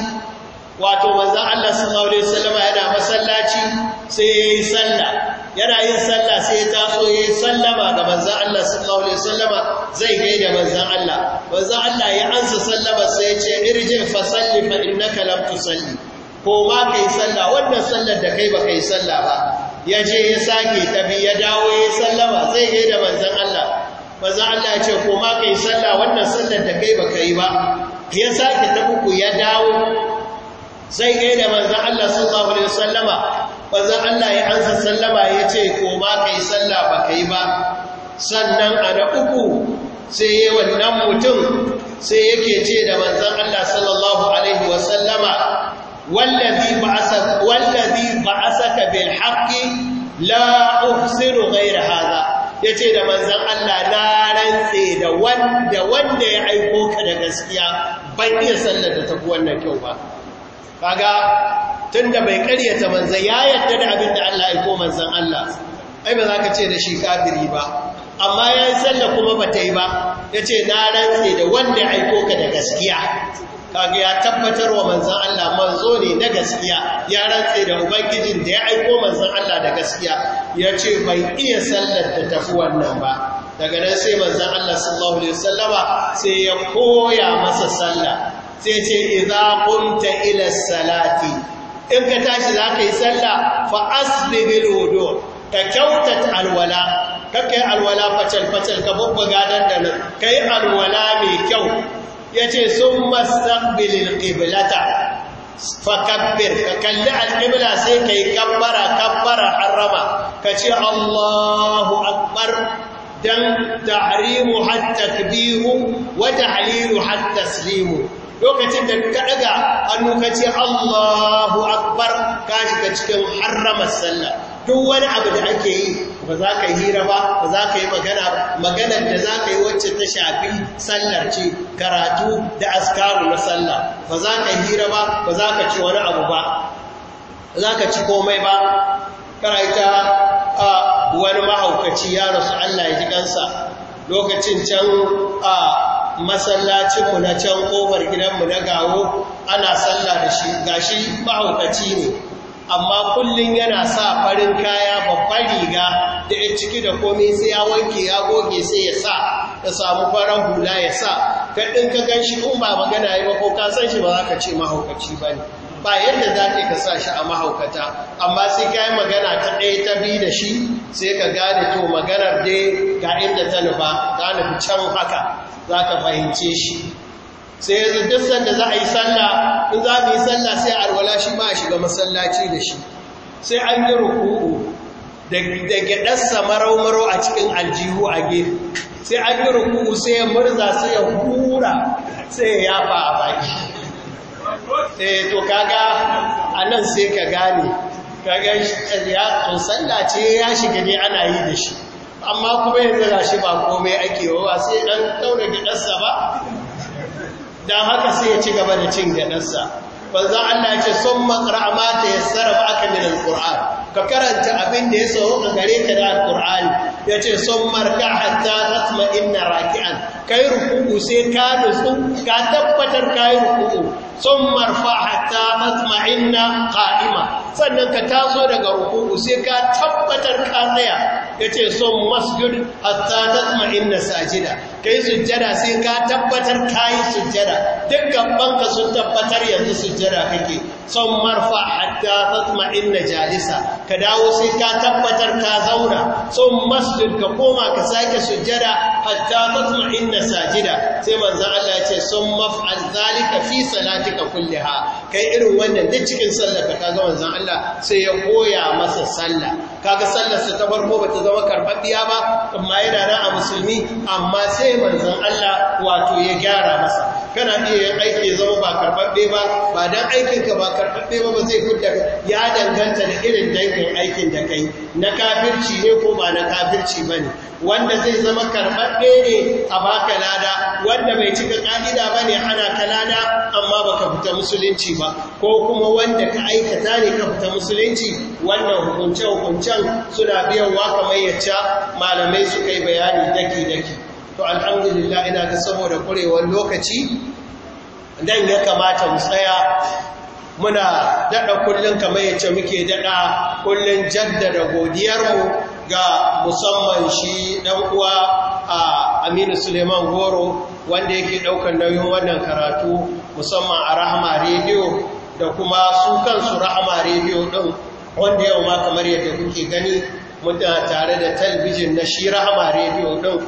wato manzan Allah sallallahu alaihi wasallam yana masallaci sai ya yi sallah yana yin sallah sai ya taso ya yi sallama ga manzan Allah sallallahu alaihi wasallam zai gaida manzan Allah manzan Allah ya ansa sallama sai ya ce irji fa salli fa na kalamtu salli. ko ma yi sallah wannan sallar da kai ba yi sallah ba ya je ya sake tabi ya dawo ya sallama zai gaida manzan Allah manzon Allah ya ce ko ma yi sallah wannan sallar da kai ba ka yi ba ya sake ta uku ya dawo sai yi da manzon Allah sallallahu alaihi wasallama manzon Allah ya ansa sallama ya ce ko ma yi sallah ba ka yi ba sannan a na uku sai yi wannan mutum sai yake ce da manzon Allah sallallahu alaihi wasallama wallazi ba'asaka wallazi ba'asaka bil haqqi la uhsinu ghayra hadha ya ce da manzan Allah na rantse da wanda wanda ya aiko ka da gaskiya ban iya sallar da tafi wannan kyau ba kaga tun da bai karyata manzan ya yarda da abin da Allah aiko manzan Allah ai ba za ka ce da shi kafiri ba amma ya yi sallar kuma ba ta yi ba ya ce na rantse da wanda ya aiko ka da gaskiya kaga ya tabbatar wa manzan Allah manzo ne na gaskiya ya rantse da ubangijin da ya aiko manzan Allah da gaskiya ya ce bai iya sallar da tafi wannan ba daga nan sai manzan Allah sallallahu alaihi wasallama sai ya koya masa sallah sai ce idza qumta ila salati in ka tashi za ka yi sallah fa asbibil wudu ka kyautata alwala kakai alwala fatal fatal ka bubbuga dandanan kai alwala mai kyau ya ce sun mastaqbilil ƙiblata fakabbir ka kalli alƙibla sai ka yi kabbara kabbara harama ka ce Allahu akbar dan ta'arimu hatta takbiru wata halilu hatta taslimu lokacin da ka ɗaga hannu ka ce Allahu akbar ka shiga cikin harama sallah duk wani abu da ake yi ba za ka yi hira ba ba za ka yi magana ba maganar da za ka yi wacce ta shafi sallar ce karatu da askaru na sallah ba za ka yi hira ba ba za ka ci wani abu ba ba za ka ci komai ba karaita a wani mahaukaci ya rasu Allah ya ji kansa lokacin can a masallacinmu na can kofar gidanmu na gawo ana sallah da shi gashi mahaukaci ne amma kullum yana sa farin kaya babbar riga da ya ciki da komai sai ya wanke ya goge sai ya sa ya samu farar hula ya sa kaɗin ka gan shi in ba magana yi ko ka san shi ba za ka ce mahaukaci ba ne ba yadda za ka ka sa shi a mahaukata amma sai ka yi magana ta ɗaya ta bi da shi sai ka gane to maganar dai ga inda ta nufa ga nufi can haka za ka fahimce shi sai yanzu duk da za a yi sallah in za mu yi sallah sai alwala shi ma a shiga masallaci da shi sai an yi ruku'u da gyaɗarsa marau a cikin aljihu a gefe sai an yi ruku'u sai ya murza sai ya hura sai ya yafa a baki eh to kaga a nan sai ka gane kaga ya sallah ce ya shiga ne ana yi da shi amma kuma yanzu ga shi ba komai ake wa sai dan taura gidansa ba don haka sai ya ci gaba da cin gadansa banza Allah ya ce sun makara mata ya sarrafa aka min alƙur'an ka karanta abin da ya sauka gare ka da alƙur'ani ya ce sun marka hatta tatma inna raki'an kai yi sai ka nutsu ka tabbatar ka yi sun marfa hatta tatma inna qa'ima sannan ka taso daga rukuku sai ka tabbatar ka tsaya ya ce sun masjid hatta tatma inna sajida ka yi sujjada sai ka tabbatar ka yi sujjada dukkan banka sun tabbatar yanzu sujjada kake son marfa hatta fatma inna jalisa ka dawo sai ka tabbatar ka zauna son masjid ka koma ka sake sujjada hatta fatma inna sajida sai manzo Allah ya ce son maf'al zalika fi salatika kulliha kai irin wannan duk cikin sallar ka ga manzo Allah sai ya koya masa sallah kaga sallar sa ta farko bata zama karbabiya ba amma yana nan a musulmi amma sai manzan Allah wato ya gyara masa kana iya yin aiki zama ba karɓaɓɓe ba ba don aikinka ba karɓaɓɓe ba ba zai fidda ya danganta da irin dangin aikin da kai na kafirci ne ko ba na kafirci ba wanda zai zama karɓaɓɓe ne a baka lada wanda bai cika ƙa'ida ba ne ana ka amma ba ka fita musulunci ba ko kuma wanda ka aikata ne ka fita musulunci wannan hukunce-hukuncen suna biyan wa kamar yacca malamai suka yi bayani daki-daki to alhamdulillah ina ga saboda kurewar lokaci dan ya kamata mu tsaya muna dada kullun kamar yace muke dada kullun jaddada godiyar mu ga musamman shi dan uwa a Aminu Suleiman Goro wanda yake daukar nauyin wannan karatu musamman a Rahma Radio da kuma su kansu Rahma Radio din wanda yau ma kamar yadda kuke gani muna tare da talbijin na shi Rahma Radio din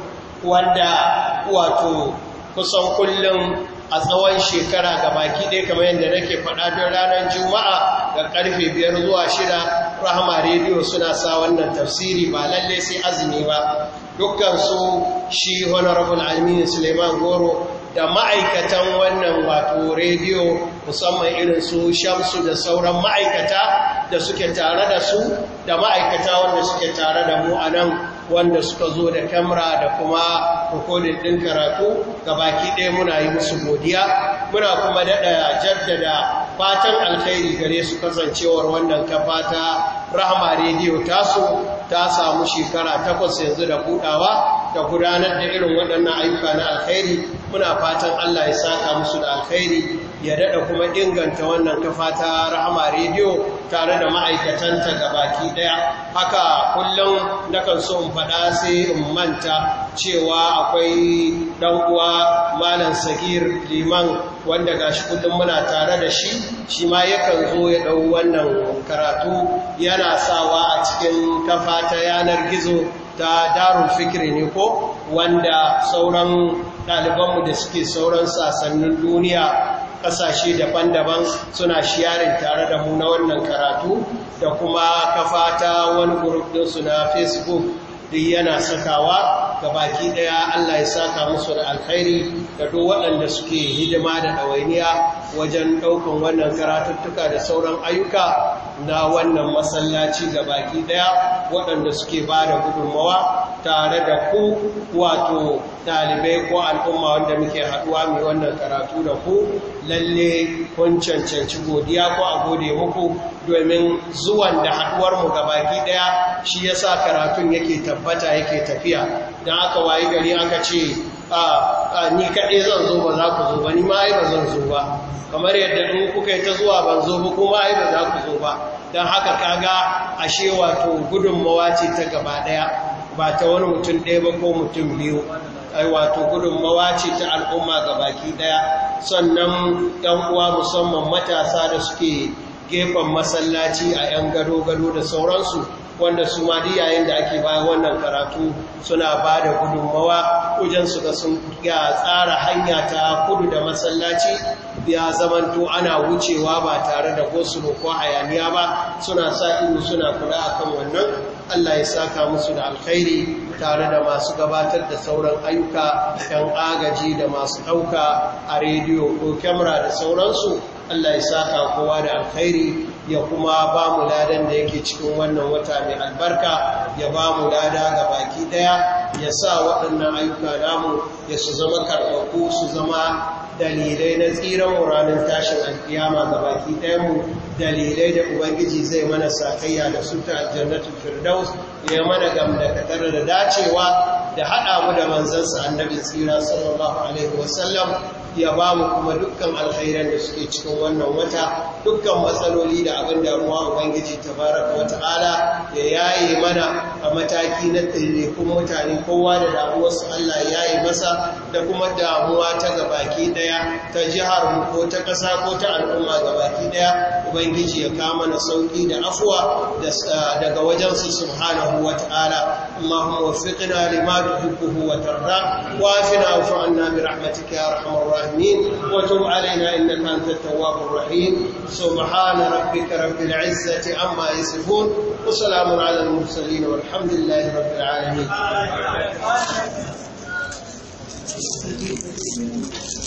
wanda wato kusan kullum a tsawon shekara ga baki ɗaya kamar yadda nake faɗa don ranar juma'a ga ƙarfe biyar zuwa shida rahama rediyo suna sa wannan tafsiri ba lalle sai azumi ba dukkansu shi honorable aminu suleiman goro da ma'aikatan wannan wato rediyo musamman irin su shamsu da sauran ma'aikata da suke tare da su da ma'aikata wanda suke tare da mu a nan wanda suka zo da kyamara da kuma rikodin ɗin karatu ga baki ɗaya muna yi musu godiya muna kuma daɗa jaddada fatan alkhairi gare su kasancewar wannan kafa ta rahama rediyo tasu ta samu shekara takwas yanzu da buɗawa da gudanar da irin waɗannan ayyuka na alkhairi muna fatan Allah ya saka musu da alkhairi ya daɗa kuma inganta wannan kafa ta rahama rediyo tare da ma'aikatanta gabaki ɗaya haka kullum na kan so in faɗa sai in manta cewa akwai uwa malam sagir liman wanda gashi kullum muna tare da shi shi ma yakan zo ya ɗau wannan karatu yana sawa a cikin kafa ta yanar gizo ta darun fikiri ne ko wanda sauran ɗalibanmu da suke sauran sasannin duniya ƙasashe daban-daban suna shiyarin tare da mu na wannan karatu da kuma kafata wani gurubinsu na facebook duk yana sakawa ga baki ɗaya Allah ya saka musu da alkhairi da duk waɗanda suke hidima da ɗawainiya wajen ɗaukan wannan karatuttuka da sauran ayyuka na wannan masallaci ga baki ɗaya waɗanda suke ba da gudunmawa tare da ku wato ɗalibai ko al'umma wanda muke haɗuwa mai wannan karatu da ku lalle kun cancanci godiya ko a gode muku domin zuwan da mu ga baki ɗaya shi ya sa karatun yake tabbata yake tafiya don aka wayi gari aka ce ni kaɗai zan zo ba za ku zo ba ni ma ba zan zo ba kamar yadda in kuka yi ta zuwa ban zo ba kuma ai ba za ku zo ba don haka kaga ashe wato gudunmawa ce ta gaba ɗaya ba ta wani mutum ɗaya ba ko mutum biyu wato gudunmawa ce ta al'umma ga baki ɗaya sannan ‘yan uwa musamman matasa da suke gefen masallaci a ‘yan gado-gado da sauransu wanda su ma yayin da ake bayan wannan karatu suna ba da gudunmawa su ga sun ga tsara hanya ta kudu da masallaci ya zamanto ana wucewa ba tare da gosulo ko hayaniya ba suna sa ido suna kula akan wannan Allah ya saka musu da alkhairi tare da masu gabatar da sauran ayyuka ‘yan agaji da masu ɗauka a rediyo ko kyamara da sauransu Allah ya saka kowa da alkhairi ya kuma ba mu ladan da yake cikin wannan wata mai albarka ya ba mu lada ga baki daya ya sa waɗannan ayyuka namu ya su zama karɓaku su zama dalilai na tsiran ranar tashin alkiyama ga baki ɗayanmu dalilai da ubangiji zai mana sakayya da su ta aljannatul firdaus ya mana gam da da dacewa da haɗa mu da manzansa annabi tsira sallallahu alaihi wasallam ya ba mu kuma dukkan alkhairan da suke cikin wannan wata dukkan matsaloli da abin da ruwa ubangiji tabaraka ta'ala ya yaye mana a mataki na tsire kuma mutane kowa da damuwarsu Allah ya yi masa da kuma damuwa ta gabaki daya ta jihar mu ko ta ƙasa ko ta al'umma gabaki daya Ubangiji ya kama na sauki da afuwa daga wajen subhanahu wa ta’ala, Allahumma wa fiƙina limadu hukuhu wa tarra, wa fi na wufi anna bi rahmatika ya rahamar rahimin, wa tum alaina inda nan tattawa bin rahim, subhana rabbika rabbil izzati amma ya sifun, musalamun alal musallin wa alhamdulillahi rabbil alamin. Thank you.